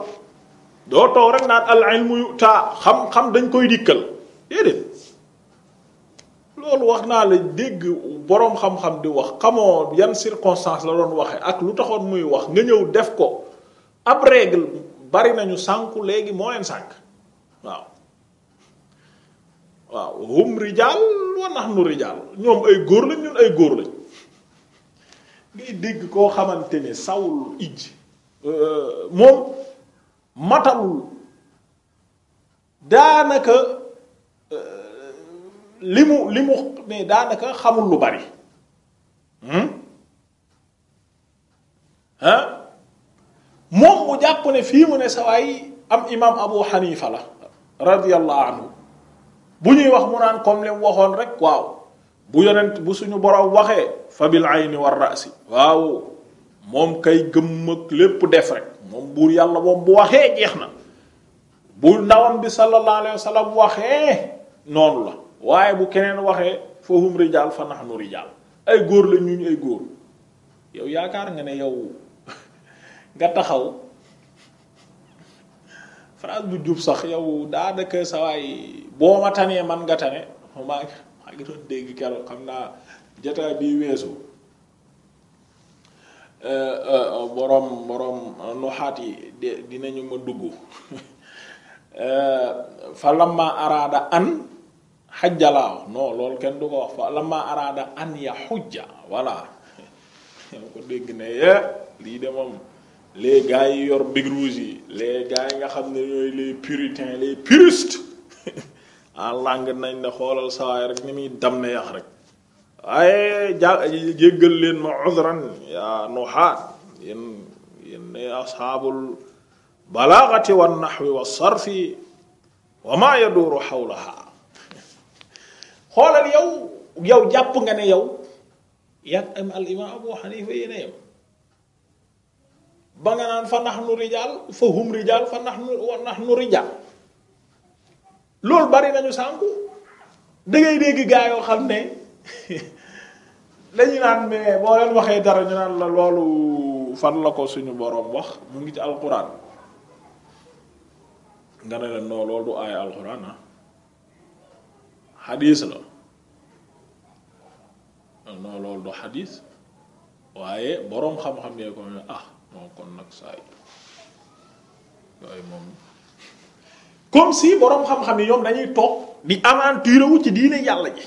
doo toog rek naan al ilmu yuta xam-xam dañ koy dikkal déedéet loolu wax naa la dégg boroom xam-xam di wax xamoo yan circonstance la doon waxe ak lu taxoon muy wax nga ñëw def ko ab règle bari nañu sànku léegi moo leen sànk waaw waaw hum rijaal wa nahnu rijaal ñoom ay góor lañ ñun ay góor lañ ngay dégg koo xamante ne sawul ij euh, moom matalul daanaka euh, li mu li mu ne daanaka xamul lu bari ah moom mu jàpp ne fii mu ne sawaay am imam Abu Hanifa la radiyallahu anhu bu ñuy wax mu naan comme li waxoon rek waaw bu yonent bu suñu borom waxee fa bil ayni war rasi waaw moom kay gëmm lépp def rek moom buur yàlla moom bu waxee jeex na bu ndawam bi sallallahu alayhi wa sallam waxee noonu la waaye bu keneen waxee fa hum rijaal fa nahnu rijaal ay góor la ñu ay góor yow yaakaar nga ne yow nga taxaw phrase bu jub sax yow daanaka sawaay boo ma tanee man nga tane maa ngi doon dégg xam naa jataay bii weesu euh, euh, boroom boroom nuxaat yi de dinañu ma dugg euh, fa lamma araada an xajjalaaw non loolu kenn du wax fa lamma araada an ya xujja voilà ñoo ko dégg ne yee eh, lii de moom les gars yor big yi les yi nga xam ne ñooy les puritains les puristes ah làng nañ la xoolal sawaay rek ni muy dam yax rek waaye ja leen ma udran yaa nuhaat yéen yéen ne balaagati wa naxwi wa sarfi wa maa yaduuru xawlaha xoolal yow yow jàpp nga ne yow yàgg am al abu xanifa yéena ba nga naan fa naxnu rijaal fa hum rijaal fa naxnu wa naxnu rijaal loolu bari nañu sànku da ngay dégg gaa yoo xam ne lañu naan mais boo leen waxee dara ñu naan la loolu fan la ko suñu boroom wax mu ngi ci alxuraan nga ne leen non loolu du aaya alxuraan ah xadiis la non loolu du xadiis waaye boroom xam-xam yee ko ah kon nag saa yi yooyu moom. comme si borom xam-xam yi ñoom dañuy toog di aventurer wu ci diine yàlla ji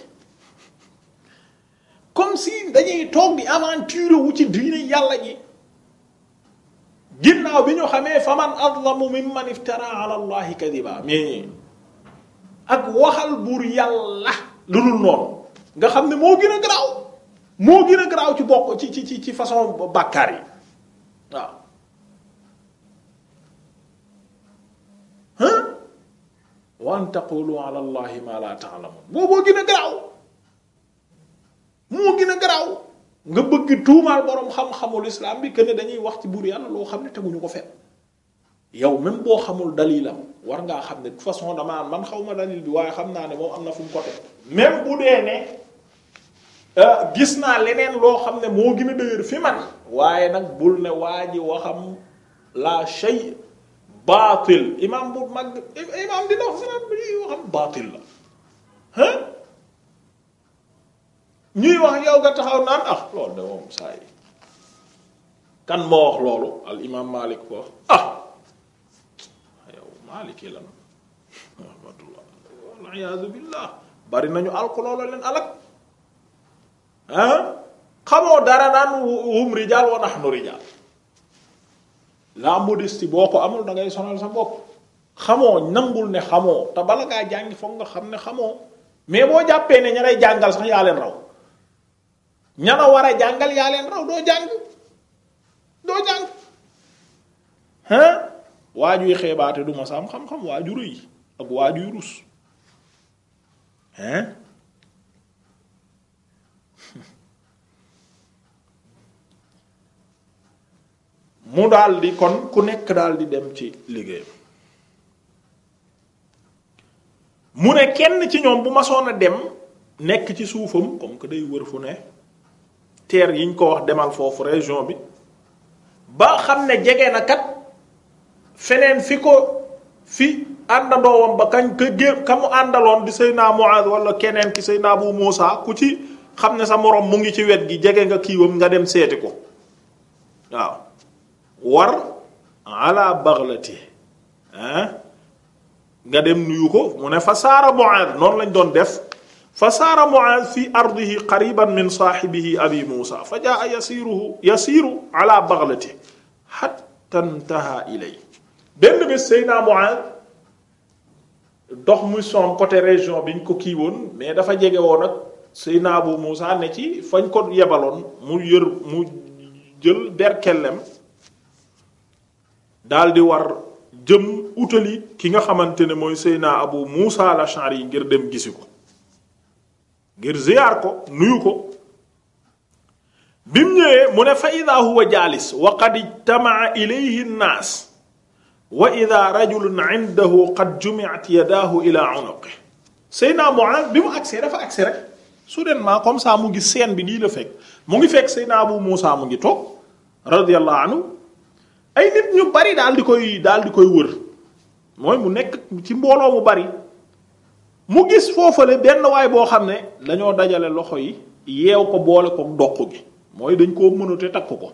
si dañuy toog di aventurer wu ci diine yàlla ji ginnaaw bi ñu xamee faman azlamu mimman iftara ala allahi kadiba mais ak waxal buur yàlla lu dul noonu nga xam ne moo gën a garaaw moo gën a garaaw ci bokk ci ci ci façon bàkkaar yi waaw wa an taqulu ala allahi ma la ta'lamun booboo gën a garaaw moo gën a garaaw nga bëgg tuumaal boroom xam-xamul islam bi que ne dañuy wax ci buur yàlla loo xam ne teguñu ko fenn yow même boo xamul dalilam war ngaa xam ne façon damaa man xaw ma dalil bi waaye xam naa ne moom am na fu mu ko teg même bu dee ne euh, gis naa leneen loo xam ne moo gën a dëgër fi man waaye nag bul ne waa ji waxam la shay baatil imaam bu mag imaam di dox ñuy waxam baatil la hein ñuy wax yow nga taxaw naan ah loolu de moom saa kan moo loolu al imaam Maalik ko ah yow Maalik yi lan rahmatullah wal iyaadu billah bari nañu alku loolu leen alak hein xamoo dara naan hum rijaal wa nahnu rijaal la modestie boo ko amul dangay ngay sonal sa bopp xamoo nangul ne xamoo te bala ngaa jàngi foog nga xam ne xamoo mais boo jàppee ne ña lay jàngal sax yaa leen raw ña la war a jàngal yaa leen raw doo jàng doo jàng hein waajuy xeebaate du ma saam xam-xam waaju rëy ak waajuy rus hein mu daal di kon ku nekk daal di dem ci liggéeyam mu ne kenn ci ñoom bu masoon a dem nekk ci suufam comme que day wër fu ne teer yi ñu ko wax demal foofu région bi ba xam ne jege na kat feneen fi ko fi àndandoowam ba kañ ka ka mu àndaloon di naa Muaz wala keneen ki naa Abu Muusa ku ci xam ne sa moroom mu ngi ci wet gi jege nga kiiwam nga dem seeti ko waaw war ala baghlati ah nga dem nuyu ko mu ne fa saara Mu'aaz noonu lañ doon def fa saara Mu'aaz fi ardihi qariban min saahibihi abi Muusa fa jaa yasiiruhu yasiiru ala baghlati hatta intaha ilay benn bés Seydina Mu'aaz dox muy son côté région biñ ko kii woon mais dafa jege woon ak Seydina Abu Muusa ne ci fañ ko yebaloon mu yër mu jël derkellem daal di war jëm utali ki nga xamante ne mooy Seyna Abu Muusa al-Ash'ari ngir dem gisi ko ngir ziyaar ko nuyu ko bi mu ñëwee mu ne fa ida huwa jaalis wa qad ijtamaa ilayhi nnaas wa ida rajulun indahu qad jumiat yadaahu ila unuqi Seyna Muaaz mu agsee dafa agsi rek soudainement comme ça mu ngi seen bi nii fekk mu ngi fekk Seyna Abu Muusa mu ngi toog radiyallahu anhu ay nit ñu bari daal di koy daal di koy wër mooy mu nekk ci mbooloo mu bari mu gis foofale benn waay boo xam ne dañoo dajale loxo yi yeew ko boole ko doq gi mooy dañ koo mënute takk ko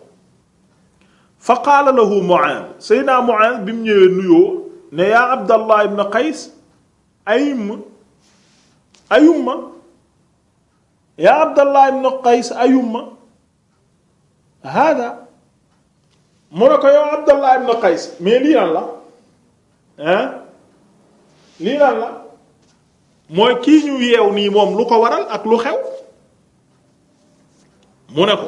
fa qaala lahu Mu'aaz Seydina Mu'aaz bi mu ñëwee nuyoo ne yaa Abdallah ibn Qays ayumma ayumma yaa Abdallah ibn Qays ayumma hada mu ne ko yow Abdallah ibn Qays mais lii la hein lii la mooy kii ñu yeew nii moom lu ko waral ak lu xew mu ne ko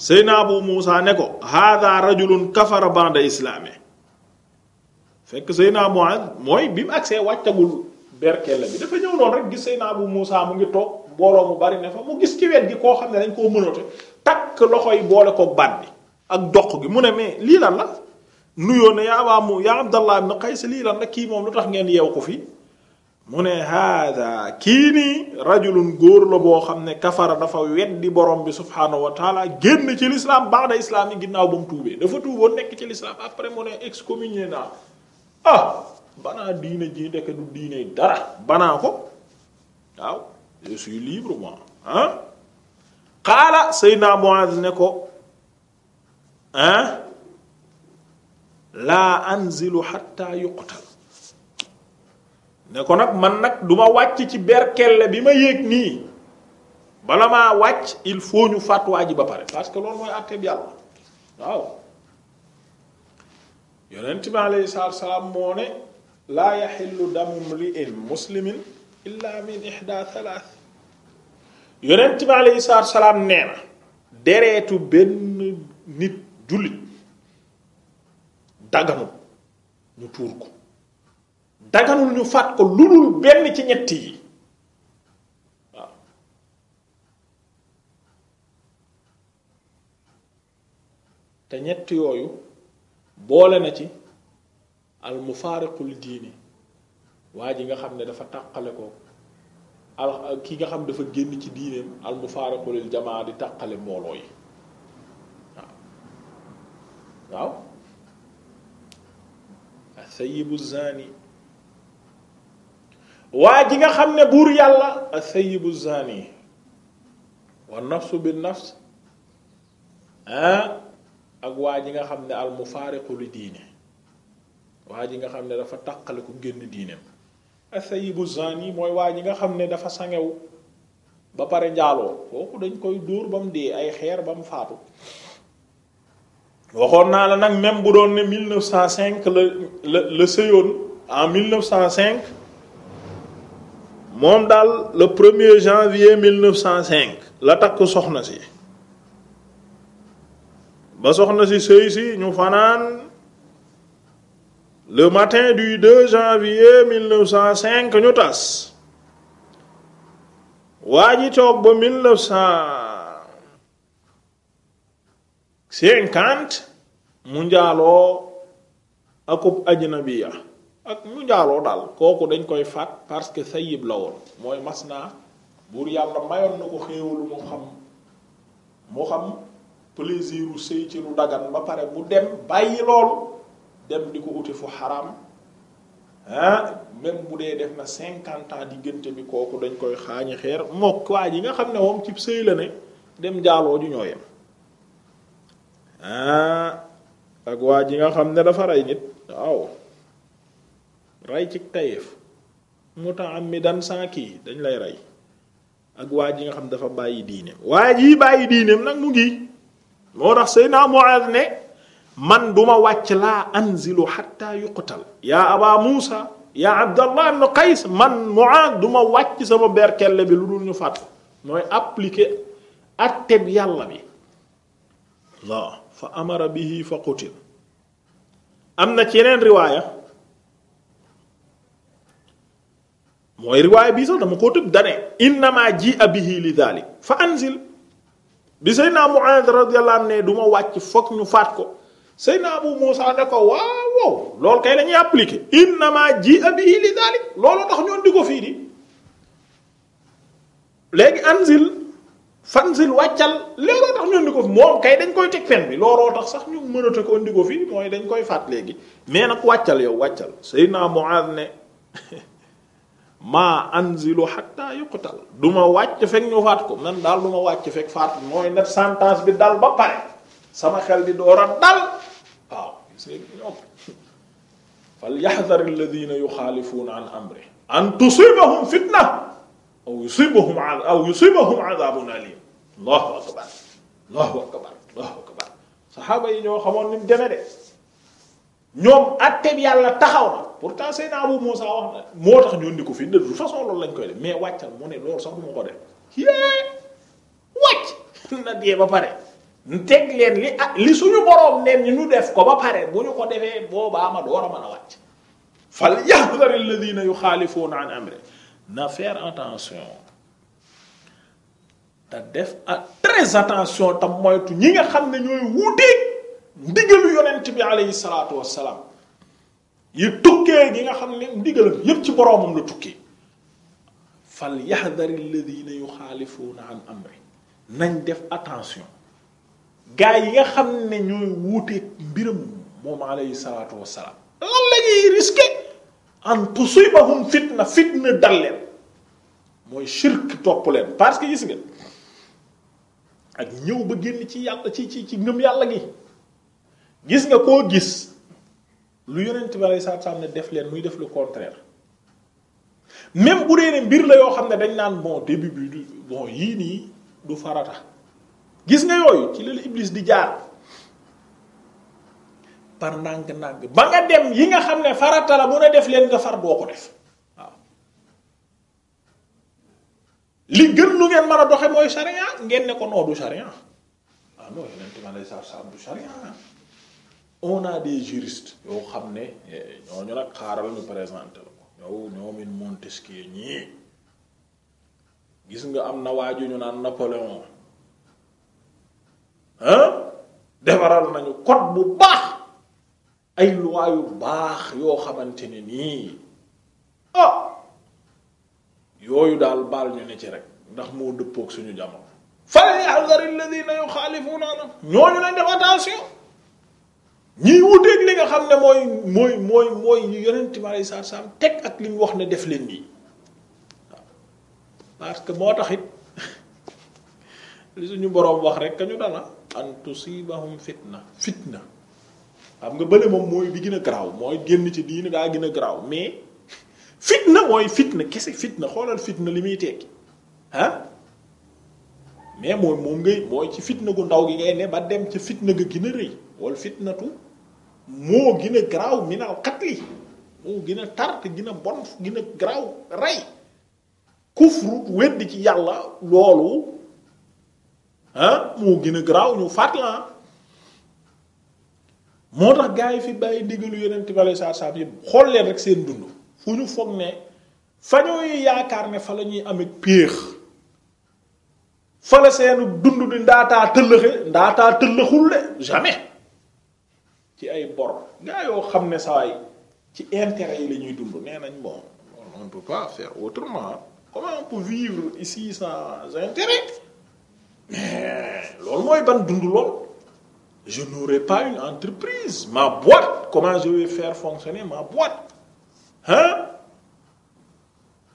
seyna Abu Muusa ne ko hada rajulun kafara ba'da islaame fekk seyna Mu'aaz mooy bi mu agsee wàccagul berkella bi dafa ñëw noonu rek gis seyna Abu Muusa mu ngi toog mbooloo mu bari ne fa mu gis ci wet gi koo xam ne dañ koo mënoote takk loxo yi boole ko baat bi ak doq gi mu ne mais lii lan la nuyoo ne yaa waa mu yaa Abdallah ibn Qays lii lan la kii moom lu tax ngeen yeew ko fii mu ne hada kii nii rajulun góor la boo xam ne kafara dafa weddi borom bi subhaanahu wa génn ci l'islam ba'da islam yi ginnaaw ba mu tuubee dafa tuuboon nekk ci l'islam après mu ne excommunié naa ah banaa diine ji ndeke du diine dara banaa ko waaw je libre moi ah qaala Seydina Muaz ne ko ah laa anzilu hatta yuqtal ne ko nag man nag duma wàcc ci berkelle bi ma yéeg nii bala maa wàcc il faut ñu faat waa ba pare parce que loolu mooy àtteeb yàlla waaw yonent bi alayhi min ihda thalath yonent bi alayhi salaam nee na dereetu benn nit jullit daganul ñu tuur ko daganul ñu faat ko lu dul benn ci ñett yi te ñett yooyu boole na ci al mufaariqul diini waa ji nga xam ne dafa tàqale ko al ki nga xam dafa génn ci diineem al mufaariqul jamaa di tàqale mbooloo waaw asayibu zani waa ji nga xam ne buur yàlla asayibu yi wa nafsu bi nafs ah ak waa ji nga xam ne al mufaariqu diine waa ji nga xam ne dafa taqale ku génn diineem asayibu yi mooy waa ji nga xam ne dafa sangewu ba pare njaaloo kooku dañ koy dóor ba mu dee ay xeer ba mu faatu waxoon naa la nag même bu doon ne 1905 la la la sëyoon en 1905 moom daal le 1er janvier 1905 la takk soxna si ba soxna si sëy si ñu fanaan le matin du 2 janvier 1905 ñu tas waa ji toog ba cinquante mu njaaloo akub ajnabiya ak mu njaaloo daal kooku dañ koy faat parce que sayyib la woon mooy mas naa buur yàlla mayoon na ko lu mu xam mu xam plaisir u sëy ci lu dagan ba pare bu dem bàyyi loolu dem di ko uti fu xaram ah même bu dee def na cinquante ans diggante bi kooku dañ koy xaañi xeer mook waa ji nga xam ne moom ci sëy la ne dem njaaloo ju ñoo yem Ah, ak waa ji nga xam ne dafa rey nit waaw rey ci tayef mutaammidan sans kii dañ lay rey ak waa ji nga xam dafa bàyyi diineem waa jii bàyyi diineem nag mu ngi moo tax Seydina Muaz ne man duma wàcc laa anzilu hatta yuqtal yaa aba Muusa yaa Abdallah ibn Qays man Muaz duma wàcc sama berkelle bi lu dul ñu fàtt mooy appliquer atteb yàlla bi waaw fa amara bihi fa qutil am na ci yeneen riwaaya mooy riwaaya bii sax dama koo tëb dane innama ji a bihi li daalik fa anzil bi Seydina Muaaz radiyallahu anhu ne du ma wàcc foog ñu faat ko Seydina Abu Muusa ne ko waaw wow loolu kay lañuy appliquer innama ji a bihi li daalik loolu tax ñoon di ko fii di léegi anzil fanzil wàccal léegoo tax ñu indi fi moom kay dañ koy teg fen bi looloo tax sax ñu mënata ko indi fi mooy dañ koy faat léegi mais nag wàccal yow wàccal Seydina Muaaz ne maa anzilu hatta yuqtal du ma wàcc fekk ñu faat ko man daal du ma wàcc fekk faat mooy net sentence bi dal ba pare sama xel di door a dal waaw gis nga ñoom fal yahdhar alladhina yukhalifuna an amri an tusibahum fitna aw yusibahum aw yusibahum adhabun alim allahu akbar allahu akbar allahu akbar saxaaba yi ñoo xamoon ni mu deme de ñoom àtteeb yàlla taxaw na pourtant Seydina Abu Muusa wax moo tax ñu indi ko fii de toute façon loolu lañ koy def mais wàccal mu ne loolu sax du ko def yée wàcc na dee ba pare teg leen li ah li suñu boroom neen ñu nu def ko ba pare bu ñu ko defee boobaa ma door a mën a wàcc fal yahdhar alladhina yukhalifuna an amri na faire attention te def ak très attention te moytu ñi nga xam ne ñooy wuuteeg ndigalu yonent bi aleyhi salaatu wassalaam yi tukkee gi nga xam ne ndigalam yépp ci boroomam la tukkee fal yahdari alladina yuxaalifuuna am amri nañ def attention gaa yi nga xam ne ñooy wuuteeg mbiram moom aleyhi salaatu wassalaam lan la ñuy risqué an tusibahum fitna fitna dal leen mooy shirk topp leen parce que gis ngeen ak ñëw ba génn ci yàlla ci ci ci ngëm yàlla gi gis nga koo gis lu yonent bi alei satu salaam ne def leen muy def le contraire même bu dee ne mbir la yoo xam ne dañ naan bon début bi du bon yii nii du farata gis nga yooyu ci lelu iblis di jaar par ndànk-ndànk ba nga dem yi nga xam ne farata la bu ne def leen nga far doo ko def li gën lu ngeen mën a doxe mooy sharia ngeen ne ko non du sharia ah non yeneen i ma lay saa saa du yoo xam ne ñooñu nag xaaral ñu présenté la ko ñow ñoomin Montesquieu ñii gis nga am na waaju ñu naan Napoléon hein defaral nañu kot bu baax ay loi yu baax yoo xamante ne nii oh! yooyu daal baal ñu ne ci rek ndax moo dëppook suñu jamono fal yahdar alladhina yukhalifuna ñooñu nañ def attention ñiy wuteeg li nga xam ne mooy mooy mooy mooy ñu yonent bi alei satu salaam teg ak li ñu wax ne def leen nii parce que moo tax it li suñu boroom wax rek ka ñu dana an tusibahum fitna fitna xam nga bële moom mooy bi gën a garaaw mooy génn ci diini daa gën a garaaw mais fitna mooy fitna kese fitna xoolal fitna li muy tekki ah mais mooy moom ngay mooy ci fitna gu ndaw gi ngay ne ba dem ci fitna ga gën a rëy wala fitnatu moo gën a garaaw minal qatli moo gën a tar te gën a bon gën a rey kufru weddi ci yàlla loolu ah moo gën a garaaw ñu faat la ah. moo tax gaa yi fi bàyyi ndigalu yonent bi sallallahu alayhi wasallam yëpp xool leen rek seen dund. fu ñu foog ne fa ñuy yaakaar ne fa la ñuy amee péex fa la seenu dund di ndaataa tëllëxe ndaataa tëllëxul de jamais ci ay bor gaa yoo xam ne sawaay ci intérêt yi la ñuy dund nee nañ bon on ne peut pas autrement comment on vivre ici sans intérêt loolu mooy ban dund lool je n'aurai pas une entreprise ma boîte comment je vais faire fonctionner ma boîte Hein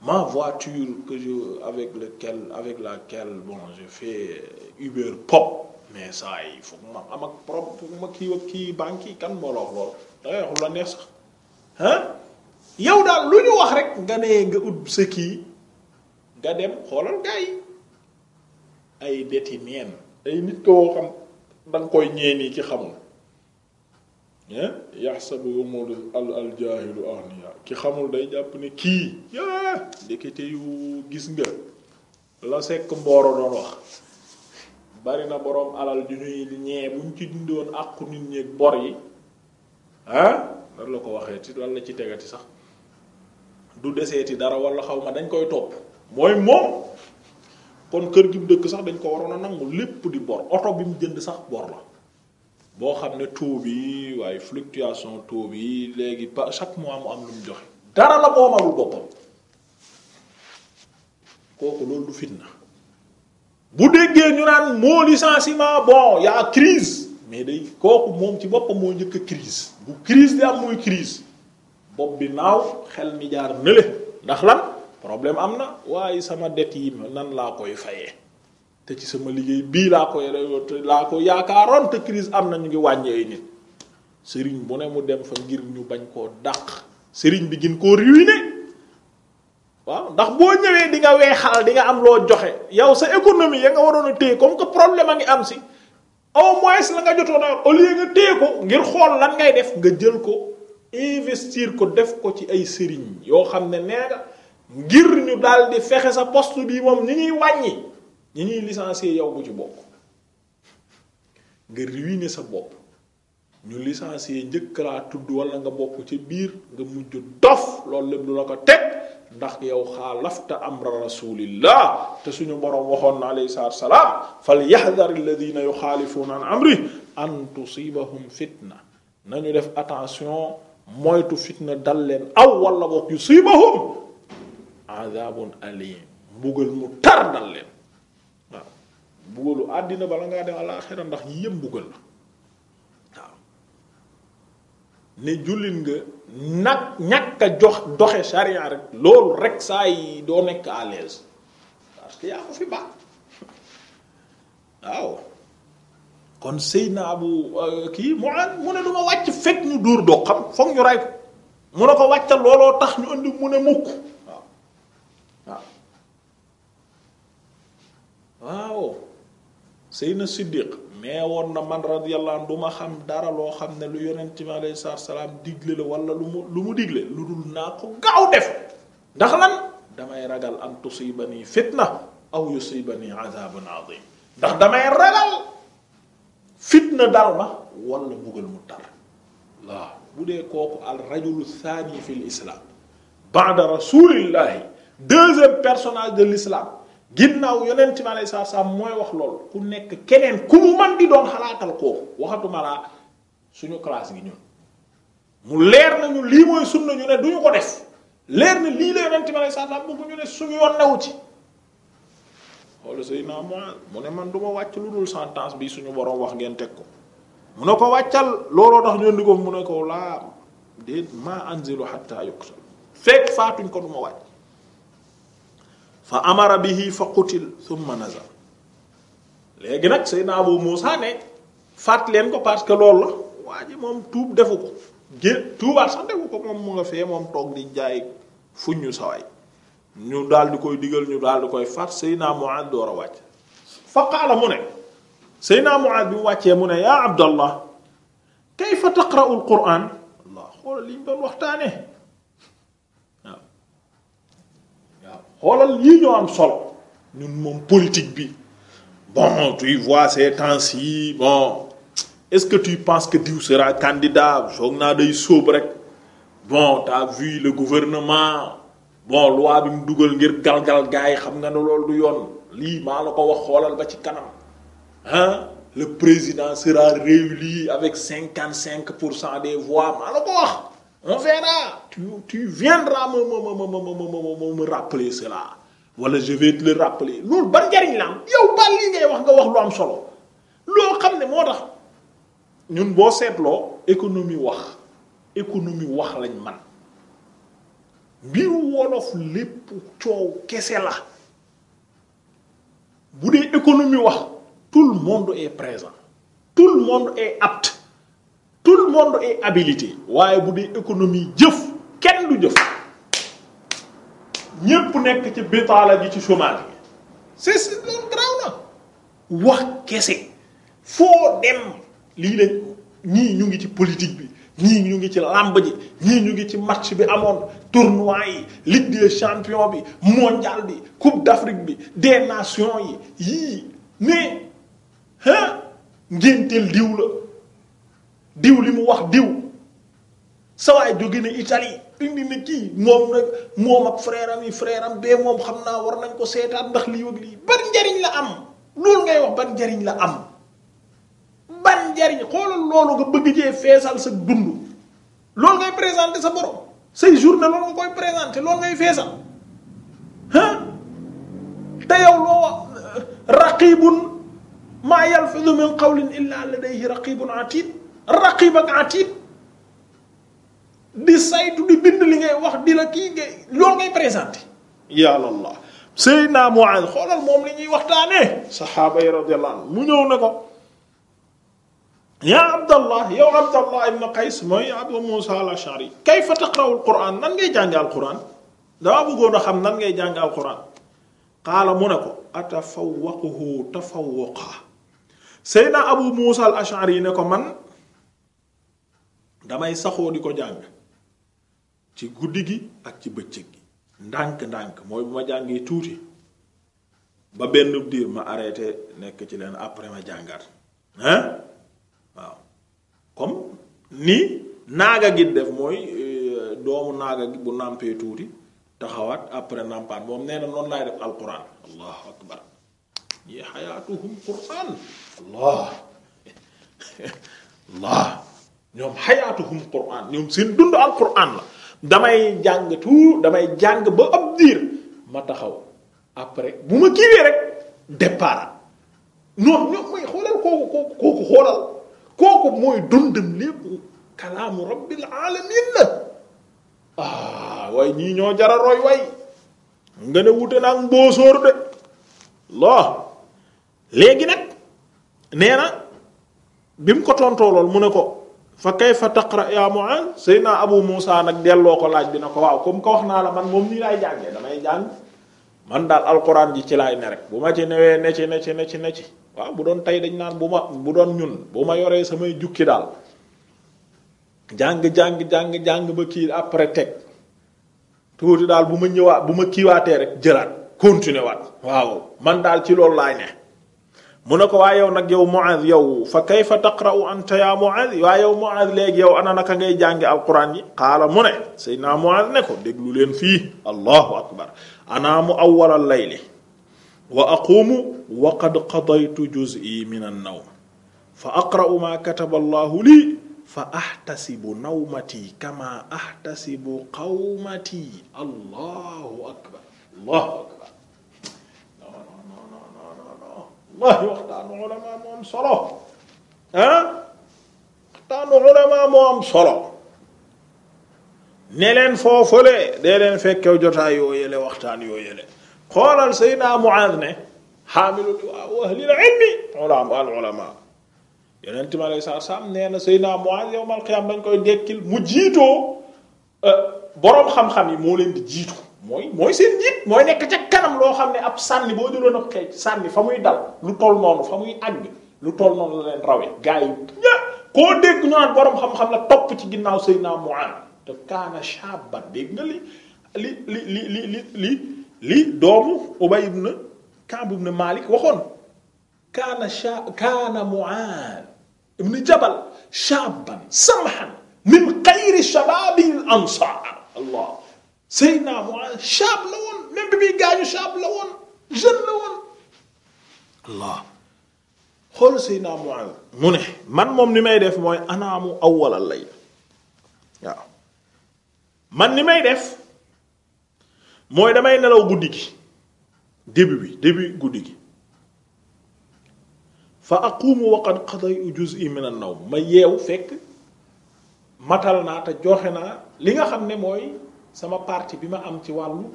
Ma voiture que je, avec, lequel, avec laquelle bon, je fais euh, Uber Pop, mais ça, il faut ma am ah, ak propre faut ma kii ak kii banque yi kan moo la wax lool da ngay la neex sax ah yow daal lu ñu wax rek nga ne nga ut sa kii nga dem xoolal gars yi ay deti neen ay nit koo xam da koy ñeen yi ci xamul Eh? yaxsabu yumul al al jaahilu ahniya ki xamul day jàpp ne kii yaa eh, ndekete yu gis nga la sekk mbooro doon wax bari na boroom alal ju ñuy ñee bu ñu ci dindoon àqu nit ñi bor yi ah eh? lan la ko waxee ci lan la ci tegati sax du deseeti dara wala xaw ma dañ koy topp mooy moom kon kër gi mu dëkk sax dañ ko waroon a nangu lépp di bor oto bi mu jënd sax bor la boo xam ne taux bi waaye fluctuation taux bi léegi par chaque mois mu am lu mu joxe dara la moomalul boppam kooku loolu du fitna bu déggee ñu naan moo licenciement bon y a crise mais day kooku moom ci boppam moo njëkk a crise bu crise di am muy crise bopp bi naaw xel mi jaar nële ndax lan problème am na waaye sama dette yi nan laa koy fayee te ci sama liggéey bii laa ko yore te laa ko yaakaaroon te crise am na ñu ngi wàññee ay nit sëriñ bu ne mu dem fa ngir ñu bañ koo dàq sëriñ bi gin koo ruiné waaw ndax boo ñëwee di nga weexal di nga am loo joxe yow sa économie ya nga waroon a téye comme que problème a ngi am si au moins la nga jotoon a au lieu nga téye ko ngir xool lan ngay def nga jël ko investir ko def ko ci ay sëriñ yoo xam ne nee nga ngir ñu daal di fexe sa poste bii moom ñi ñuy wàññi. ñi ñuy licencier yow bu ci bokk nga ruiner sa bopp ñu licencier njëkk laa tudd walla nga bokk ci biir nga mujj dof loolu lépp du la ko teg ndax yow xaalafta amra rasulillah te suñu boroom waxoon na alayhi sa salaam fal yahdar alladina yuxaalifuuna an amri an tusibahum fitna nañu def attention moytu fitna dal leen aw wala bokk yusibahum adabun alim mbugal mu tar dal leen mbugalu àddina bala ngaa dem alaaxira ndax yi yëpp mbugal la waaw ne jullit nga nag ñàkk a jox doxe charia rek loolu rek saa yi doo nekk à l'aise parce que yaa ko fi baax waaw kon Seydina Abu euh, kii mu mu ne du wàcc fekk ñu dóor doo xam foog ñu ray ko mu ne ko wàccal looloo tax ñu indi mu ne mukk waaw waaw waaw Seydina Siddiq nee woon na man radiyallahu anhu du ma xam dara loo xam ne lu yonent bi alayhi salaam digle la wala lu mu lu mu digle lu dul naa ko gaaw def ndax lan damay ragal am tusibani fitna aw yusibani azabun azim ndax damay ragal fitna dal ma wala mbugal mu tar waaw bu dee kooku al rajulu thani fi l islam ba'da rasulillahi deuxième personnage de l'islam ginnaaw yonent bi alayhi saa salaam mooy wax loolu ku nekk keneen ku mu man di doon xalaatal kooku waxatuma laa suñu classe gi ñun mu leer nañu lii mooy sunna ñu ne duñu ko def leer na lii la yonent bi alayhi salaatu salaam bu ñu suñu yoon newu ci xoolu Seydina Muaaz mu ne man du ma wàcc lu dul sentence bi suñu borom wax ngeen teg ko mu ne ko wàccal looloo tax ñu indi ko mu ne ko laa déet maa anzilu hatta yuksal fekk faatuñ ko duma ma wàcc fa amara bihi fa qutil thumma nazar léegi nag Seydina naa Muusa ne faat leen ko parce que loolu la waa ji moom tuub defu ko gé tuubaat sax defu ko moom mu nga fee moom toog di jaay fuñu saway ñu daal di koy digal ñu daal di koy faat Seydina Muaad door a wàcc fa qaala mu ne Seydina Muaad bi mu wàccee mu ne yaa Abdallah kayfa taqra'u al-Qur'aan Allah xoolal li ñu waxtaanee xoolal yii ñoo am solo ñun moom politique bi bon tu vois ces temps-ci bon est-ce que tu penses que diw sera candidat soog naa day sóob rek bon t'as vu le gouvernement bon loi bi mu dugal ngir galgal gars yi xam nga ne loolu du yoon lii maa la ko wax xoolal ba ci kanam ah le président sera réélu avec cinquante cinq pour cent des voix maa la ko wax on verra tu tu viendras me me me me me rappeler cela wala je vais te le rappeler loolu ban njariñ la am yow baal lii ngay wax nga wax lu am solo loo xam ne moo tax ñun boo seetloo économie wax économie wax lañ man mbiru wolof lépp coow kese la bu dee économie wax tout le monde est présent tout le monde est apte tout le monde est abilité waaye bu dee économie jëf kenn du jëf ñépp nekk ci bétaala ji ci chômage bi c'est loolu garaaw na wax kese foo dem lii lañ ñii ñu ngi ci politique bi ñii ñu ngi ci làmb ji ñii ñu ngi ci match bi amoon tournoi yi ligue des bi mondial bi coupe d'Afrique bi des nations yi yii mais ah ngénteel diw la diw li mu wax diw sawaay jóge na Italie indi na kii moom nag moom ak frère am yi frère am bee moom xam naa war nañ ko seetaan ndax lii ak lii ban njariñ la am loolu ngay wax ban njariñ la am ban njariñ xoolal loolu nga bëgg feesal sa dund loolu ngay sa borom say journée loolu nga koy présenter loolu ngay feesal ah te yow loo wax raqibun maa yalfidu min qawlin illa ladayhi raqibun atid raqib ak atid di saytu di bind li ngay wax di la kii ngay loolu ngay présenté yàlla allah Seydina Muaz xoolal moom li ñuy waxtaanee saxaaba yi radiyallahu anhu mu ñëw na ko yaa Abdallah yow Abdallah ibn Qays mooy Abu Musa al-Ash'ari kayfa taqra'u al-Qur'an nan ngay jànge al-Qur'an dama bëggoon a xam nan ngay jànge al-Qur'an qaala mu ne ko atafawwaquhu tafawwaqa Seydina Abu Musa al-Ash'ari ne ko man damay saxoo di ko jàng ci guddi gi ak ci bëccëg gi ndànk-ndànk mooy bu ma jàngee tuuti ba benn biir ma arrêté nekk ci leen après ma jàngaat hein waaw comme ni naaga gi def mooy euh, doomu naaga gi bu nàmpee tuuti taxawaat après nàmpaat moom nee na noonu laay def alquran allahu akbar yi xayaatuhum quran allah allah ñoom xayaatuhum quraan ñoom seen dund ak quraan la damay jàng tout damay jàng ba ab diir ma taxaw après bu ma kiiwee rek départ ñoom ñoom mooy xoolal kooku kooku kooku xoolal kooku mooy dundam lépp kalaamu ah, léegi nag nee na bi mu ko tontoo lool mu ne ko fa kayfa taqra ya Mu'az naa Abu Moussa nag delloo ko laaj bi na ko waaw comme ko wax naa la man moom nii laay jàngee damay jàng man daal alquran ji ci laay ne rek bu ma ci newee ne ci ne ci ne ci ne ci waaw bu doon tey dañ naan bu ma bu doon ñun bu ma yoree samay jukki daal jàng jàng jàng jàng ba kii après teg tuuti daal bu ma ñëwaat bu ma kiiwaatee rek jëlaat continuer waat waaw man daal ci loolu laay ne. mu ne ko waa yow nag yow Muaz yow fa kayfa taqra'u anta ya Muaz waa yow Muaz léegi yow ana naka ngay jànge alquran yi qaala mu ne Seydina Muaz ne ko déglu leen fii allahu akbar anaamu awwalal layli wa aquumu wa qad qadaytu juz'i min an-nawm fa aqra'u ma kataba allahu lii fa ahtasibu nawmati kama ahtasibu qawmati allahu akbar allahu akbar wallahi waxtaanu ulama moo am solo ah waxtaanu ulama moo am solo ne leen foofale dee leen fekkew jotaay yoo yële waxtaan yoo yële xoolal Seydina Muaaz ne xaamilu ahlil ilmi al ulama yonent mi alei sat salam nee na Seydina Muaaz yawmal qiyaama dañ koy dekkil mu jiitoo eh, boroom xam-xam yi moo leen di jiitu mooy mooy seen njiit mooy nekk ca kanam loo xam ne ab sànni boo jëloon ak xeej sànni fa muy dal lu toll noonu fa muy àgg lu toll noonu la leen rawee gars yi ña koo dégg ñu naan borom xam-xam la topp ci ginnaaw Seydina Mu'aaz te kaana shaban dégg nga li li li li li li li doomu Ubay ibn Ka'b ibn Malik waxoon kaana sha kaana Mu'aaz ibn Jabal shaban samhan min xayri shababil ansaar allah Seydina Muaaz shaab la woon même bi gaañu shaab la woon jeune la woon allah xool Seydina Muaaz mu ne man moom ni may def mooy anaamu awwalal lay waaw man ni may def mooy damay nelaw guddi gi début bi début guddi gi fa aqumu wa qad qadaytu juz'i min an-nawm ma yeew fekk matal naa te joxe naa li nga xam ne mooy sama parti bi ma am ci wàllu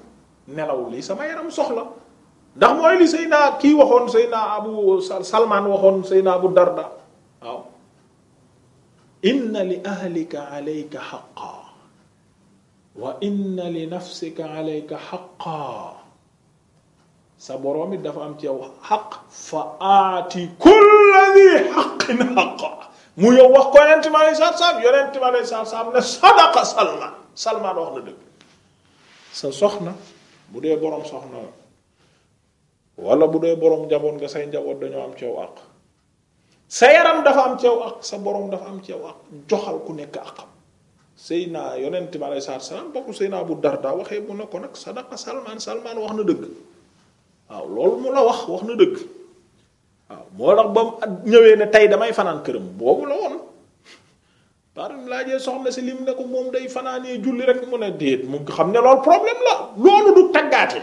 nelaw li sama yaram soxla ndax mooy li Seyna kii waxoon Seyna Abu Salman waxoon naa Abu Darda waaw inna li ahlika alayka xaqaa wa inna li nafsika alayka xaqaa sa boroom dafa am ci yow xaq fa aati kulla di xaqin xaqaa mu yow wax ko yonent mi alayhi salaatu salaam yonent mi alayhi salaatu salaam ne sadaqa Salman wax na dëgg sa soxna bu dee boroom soxna wala bu dee boroom njaboot nga say njaboot dañoo am ceew àq sa yaram dafa am ceew àq sa boroom dafa am ceew àq joxal ku nekk àqam Seydina yonent bi aleyhi salaatu salaam bokk Seydina Abu Darda waxee mu ne ko nag sadaqa Salmaan Salmaan wax na dëgg waaw loolu mu la wax wax na dëgg waaw moo tax ba mu ñëwee ne tey damay fanaan këram boobu la woon waaw laajee soxna si lim ne ko moom day fanaanee julli rek mu ne déet mu xam ne loolu problème la loolu du taggaate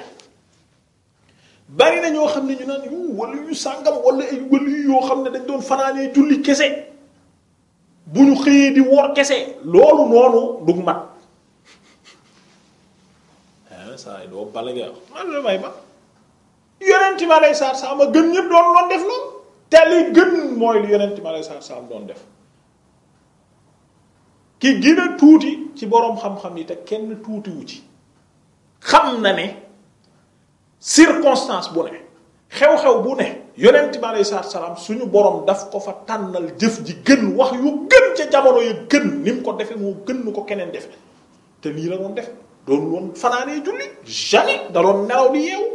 bari na ñoo xam ne ñu naan yu wala yu sàngam wala ay wala yu yoo xam ne dañ doon fanaanee julli kese bu ñu xëyee di woor kese loolu noonu du mat ah saa yi doo bala man la may ma yonent ma lay saar saa ma gën ñëpp doon doon def loolu te li gën mooy li yonent ma lay saar saa doon def. li gën tuuti ci boroom xam-xam yi te kenn tuutiwu ci xam na ne circonstance bu ne xew-xew bu ne yonent bi aleyhi salaatu salaam suñu borom daf ko fa tànnal jëf ji gën wax yu gën ca jamono ya gën ni mu ko defe moo gën nu ko keneen defe te nii la doon def doon woon fanaanee julli jamais da doon nelaw di yeewu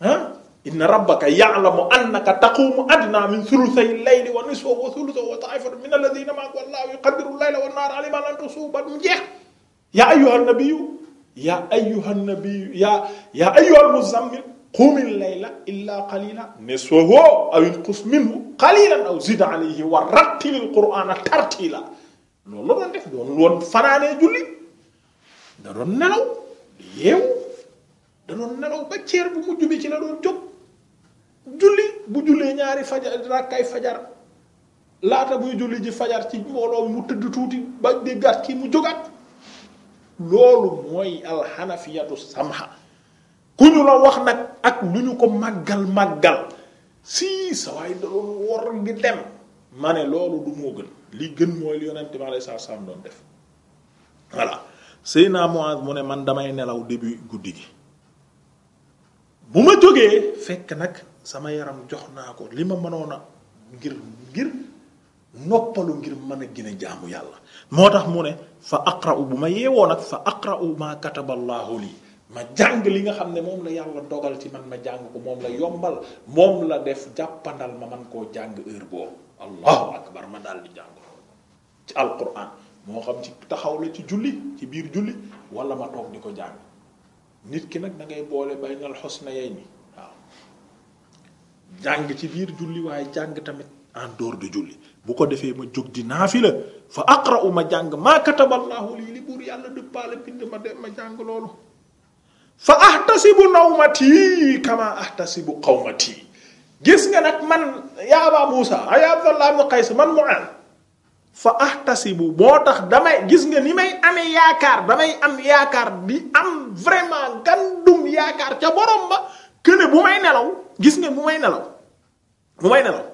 ah. inna rabbaka ya'lamu annaka taqumu adna min thuluthay layli wa nisfahu wa thuluthahu wa ta'ifatun min alladhina ma'aka wallahu yuqaddiru layla wan nahara alima lan tusuba mu jeex yaa ayyuhan nabiyyu yaa ayyuhan nabiyyu yaa yaa ayyuhal muzammil qum al-layla illa qalilan nisfahu aw inqus minhu qalilan aw zid alayhi wa rattilil qur'ana tartila loolu la doon def doon woon fanaanee julli da doon nelaw di yeewu da doon nelaw ba ceer bu mujj bi ci la doon jóg julli bu jullee ñaari fajar rakkay fajar laata buy julli ji fajar ci mbooloo mu tëdd tuuti bañ di gàtt kii mu jógaat loolu mooy alxanafiyatu samha ku ñu la wax nag ak lu ñu ko màggal màggal si sa waay da doon war ngi dem ma ne loolu du moo gën li gën mooy li yonente bi alei satu salaam doon def voilà Seydina Muaz mu ne man damay nelaw début guddi gi bu ma jógee fekk nag sama yaram jox naa ko li ma mënoon a ngir ngir noppalu ngir mën a gën a jaamu yàlla moo tax mu ne fa aqra'u bu ma yeewoo nag fa aqra'u ma kataballaahu lii ma jàng li nga xam ne moom la yàlla dogal ci man ma jàng ko moom la yombal moom la def jàppandal ma man koo jàng heure boobu allahu akbar ma daal di jàng ci alquran moo xam ci taxaw la ci julli ci biir julli wala ma toog di ko jàng nit ki nag dangay da ngay boole baynal husnayni jàng ci biir julli waaye jàng tamit en dehors de julli bu ko defee ma jóg di naafila fa aqra'u ma jàng maa kataballahu lii li buur yàlla dëppaale pind ma de ma jàng loolu fa ahtasibu nawmati kama ahtasibu qawmati gis nga nag man ya aba Muusa ay Abdallah ibn Qays man mu an fa ahtasibu boo tax damay gis nga ni may amee yaakaar damay am yaakaar di am vraiment gandum yaakaar ca borom ba këne bu may nelaw gis nga bu may nelaw mu may nelaw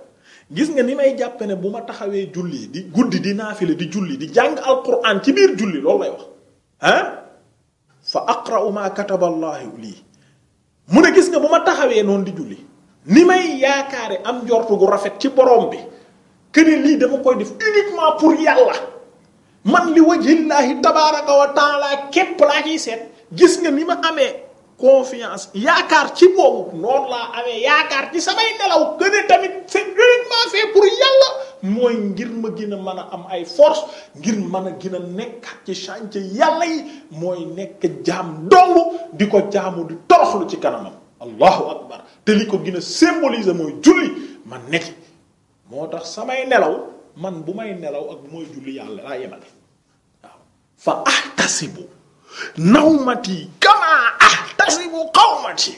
gis nga ni may jàppe ne bu ma taxawee julli di guddi di naafile di julli di jàng alquran ci biir julli loolu lay wax ah fa aqra'u ma kataballaahu lii mu ne gis nga bu ma taxawee noonu di julli ni may yaakaare am njortu gu rafet ci borom bi këne lii dama koy def uniquement pour yàlla man li wajhillaahi tabaaraka wa taala képp laa ciy seet gis nga ni ma amee confiance yaakaar ci boobu noonu laa amee yaakaar ci samay nelaw gën a tamit c'est vraiment fait pour yàlla mooy ngir ma gën a mën a am ay force ngir mën a gën a nekkaat ci chantier yàlla yi mooy nekk jaam dong di ko jaamu di toroxlu ci kanamam allahu akbar te li ko gën a mooy julli ma nekk moo tax samay nelaw man bu may nelaw ak bu may julli yàlla laa yemale waaw fa ahtasibu nawmati kamaa ahtasibu qawmati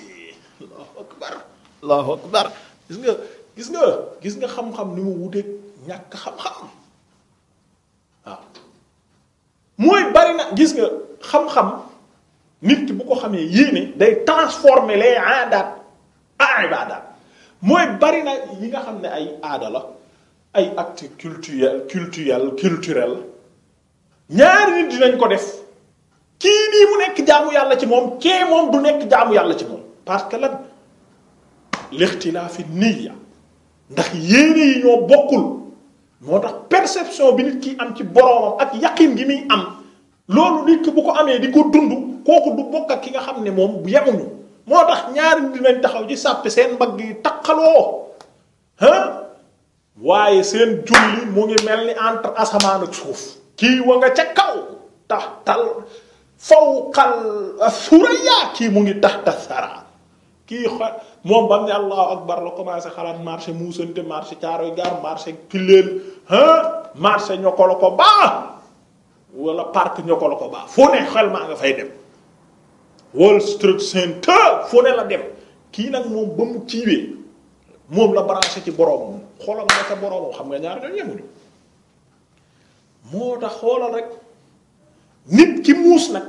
allahu akbar allahu akbar gis nga gis nga gis nga xam-xam ni mu wuteeg ñàkk xam-xam waaw mooy bari na gis nga xam-xam nit ki bu ko xamee yéene day transformer les aadaat en ibaadaat mooy bari na yi nga xam ne ay aadala ay acte culturel culturel culturel ñaari nit dinañ ko def kii nii mu nekk jaamu yàlla ci moom kee moom du nekk jaamu yàlla ci moom parce que la lan l'ixtilaafi niyya ndax yéene yi ñoo bokkul moo tax perception bi nit ki am ci boroomam ak yaqin gi muy am loolu li ki bu ko amee di ko dund kooku du bokk ak ki nga xam ne moom yemuñu moo tax ñaari dinañ taxaw ci sàppe seen mbagg yi taqaloo ah waaye seen julli mu ngi mel ni entre asamaan ak suuf kii wa nga ca kaw tax tal fawqal suraya kii mu ngi taxta sara kii xa moom bam ne allahu akbar la commencé xalaat marché muusante marché caaroy gaar marché pilleen marché ñokko la ko baa wala parc ñokko la ko baax foo ne xel maa nga fay dem Wall Street Center foo ne la dem kii nag moom ba mu kiiwee moom la branché ci boromam xolam na sa boromam xam nga ñaar moo tax xoolal rek nit ki muus nag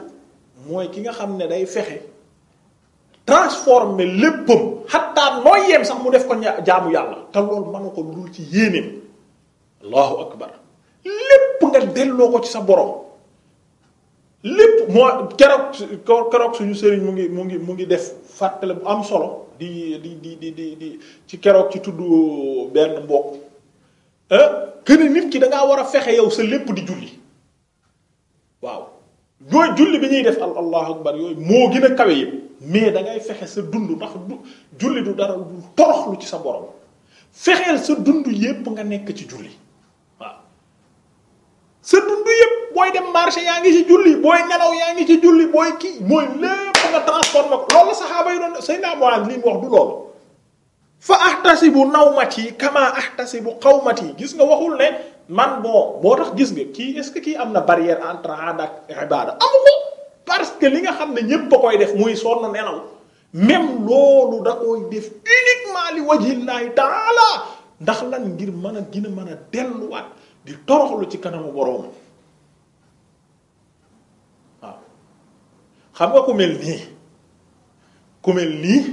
mooy ki nga xam ne day fexe transformer léppam xataa nooy yem sax mu def ko jaamu yàlla te loolu mënu ko lu dul ci yéeneem allahu akbar lépp nga delloo ko ci sa borom lépp moo keroog keroog suñu sëriñ mu ngi mu ngi mu ngi def fàttale bu am solo di di di di di ci keroog ci tudd benn mbokk këne eh, nit ki da war a fexe yow sa lépp di julli waaw yooyu julli bi ñuy def al allahu akbar yooyu moo gën a kawe yëpp mais da ngay fexe sa dund ndax du julli du dara du toroxlu ci sa borom fexeel sa dund yëpp nga nekk ci julli waaw sa dund yépp booy dem marché yaa ngi ci julli booy nelaw yaa ngi ci julli booy kii mooy lépp nga transformé ko loolu saxaaba yi doon Seydina Muaz li mu wax du loolu fa ahtasibu nawmati kama ahtasibu qawmati gis nga waxul leen man boo moo tax gis nga kii est kii am na barrière entre aad ak ibaada parce que li nga xam ne ñépp a koy def muy sonn nelaw même loolu da koy def uniquement li wajhillahi taala ndax lan ngir mën a gën a mën a delluwaat di toroxlu ci kanamu boroom waaw xam nga ku mel nii ku mel nii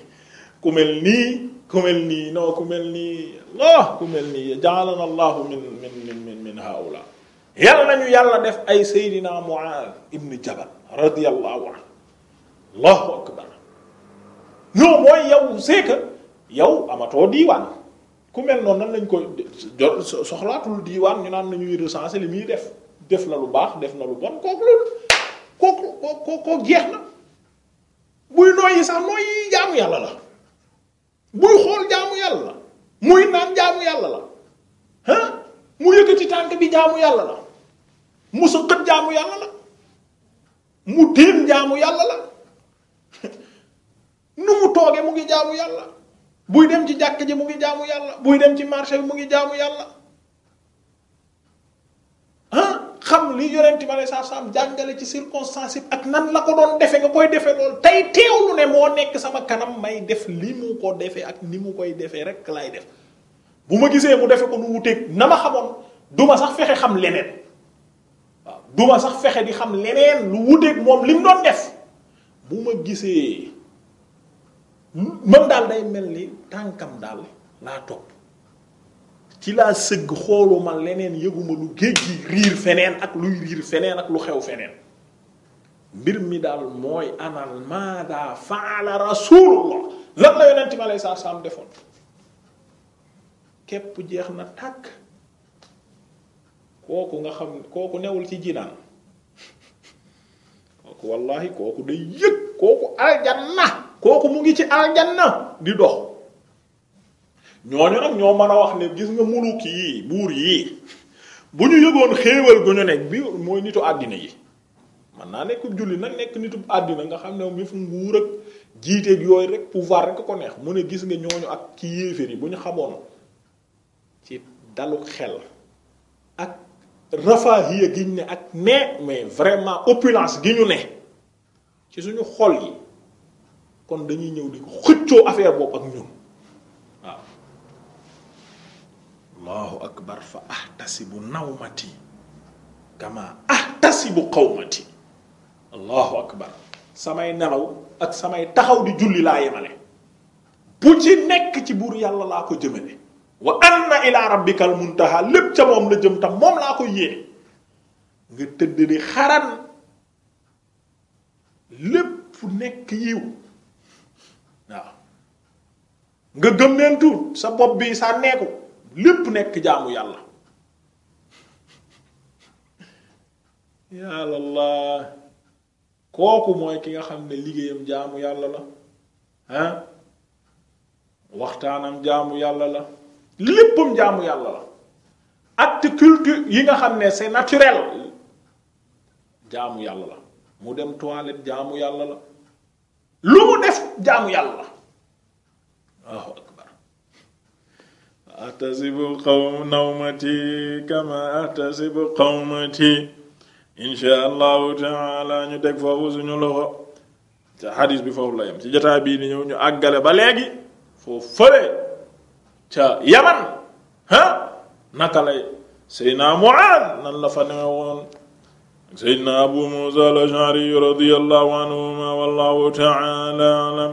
ku mel nii ku mel nii non ku mel nii Allah ku mel nii ja'alana Allahu min min min min min haula yàlla yàlla def ay Seydina Mu'adh ibn Jabal radiyallahu anhu Allahu akbar non mooy yow c'est que amatoo diiwaan ku mel noonu nan lañ ko soxlaatul diiwaan ñu naan nañuy recenser li muy def def na lu baax def na lu bon kooku loolu kooku kooku kooku na buy nooyi sax nooyi jaamu yàlla la. muy xool jaamu yàlla la muy naan jaamu yàlla la ah mu yëkkati tànk bi jaamu yàlla la mu sëqat jaamu yàlla la mu déem jaamu yàlla la nu mu toogee mu ngi jaamu yàlla buy dem ci jàkk ji mu ngi jaamu yàlla buy dem ci marché bi mu ngi jaamu yàlla xam li yonent bi alei satu salaam jàngale ci circonstance yi ak nan la ko doon defe nga koy defee loolu tey lu ne moo nekk sama kanam may def li mu ko defee ak ni mu koy defee rek laay def bu ma gisee mu defe ko nu wuteeg na ma xamoon duma sax fexe xam leneen waaw duma sax fexe di xam leneen lu wuteeg moom li mu doon def bu ma gisee man daal day mel ni tànkam daal laa topp ci laa sëgg xooluma leneen yëguma lu géej gi riir feneen ak luy riir feneen ak lu xew feneen mbir mi daal mooy anal maada faala rasulullah lan la yonent mi alei satu salaam defoon képp jeex na tàkk kooku nga xam kooku newul ci jinaan kooku wallahi kooku day yëg kooku aljanna kooku mu ngi ci aljanna di dox ñooñu ne ñoo mën a wax ne gis nga muluk yii buur yi bu ñu yëgoon xéewal gu ñu nekk bi mooy nitu àddina yi man naa nekk julli nag nekk nitu àddina nga xam ne moom yëfu nguur ak jiiteeg yooyu rek pouvoir rek ko neex mu ne gis nga ñooñu ak ci yéeféer yi bu ñu xamoon ci dalu xel ak rafahiya gi ñu ne ak ne mais vraiment opulence gi ñu ne ci suñu xol yi kon dañuy ñëw di xëccoo affaire boobu ak ñun allahu akbar fa ahtasibu nawmati kama ahtasibu qawmati allahu akbar samay nelaw ak samay taxaw di julli laa yemale bu ci nekk ci buur yàlla laa ko jëmale wa anna ila rabbikal muntaha lépp ca moom la jëm tam moom laa ko yéene nga tëdd di xaran lépp nekk yiw waaw nga gëm leen sa bopp bii sa neeku lépp nekk jaamu yàlla yàlla la kooku mooy ki nga xam ne liggéeyam jaamu yàlla la ah waxtaanam jaamu yàlla la léppam jaamu yàlla la acte culture yi nga xam ne se naturel jaamu yàlla la mu dem toilette jaamu yàlla la lu mu def jaamu yàlla la ahtasibu qawm nawmati kama ahtasibu qawmati insha allahu taala ñu teg foofu suñu loxo te xadis bi foofu la yem ci jotaay bii ni ñëw ñu àggale ba léegi foofu fële ca yaman ha naka lay seydna Muaad nan la fa ne woon Abu Muusa al-Ash'ari radiyallahu anhuma wallahu taala alam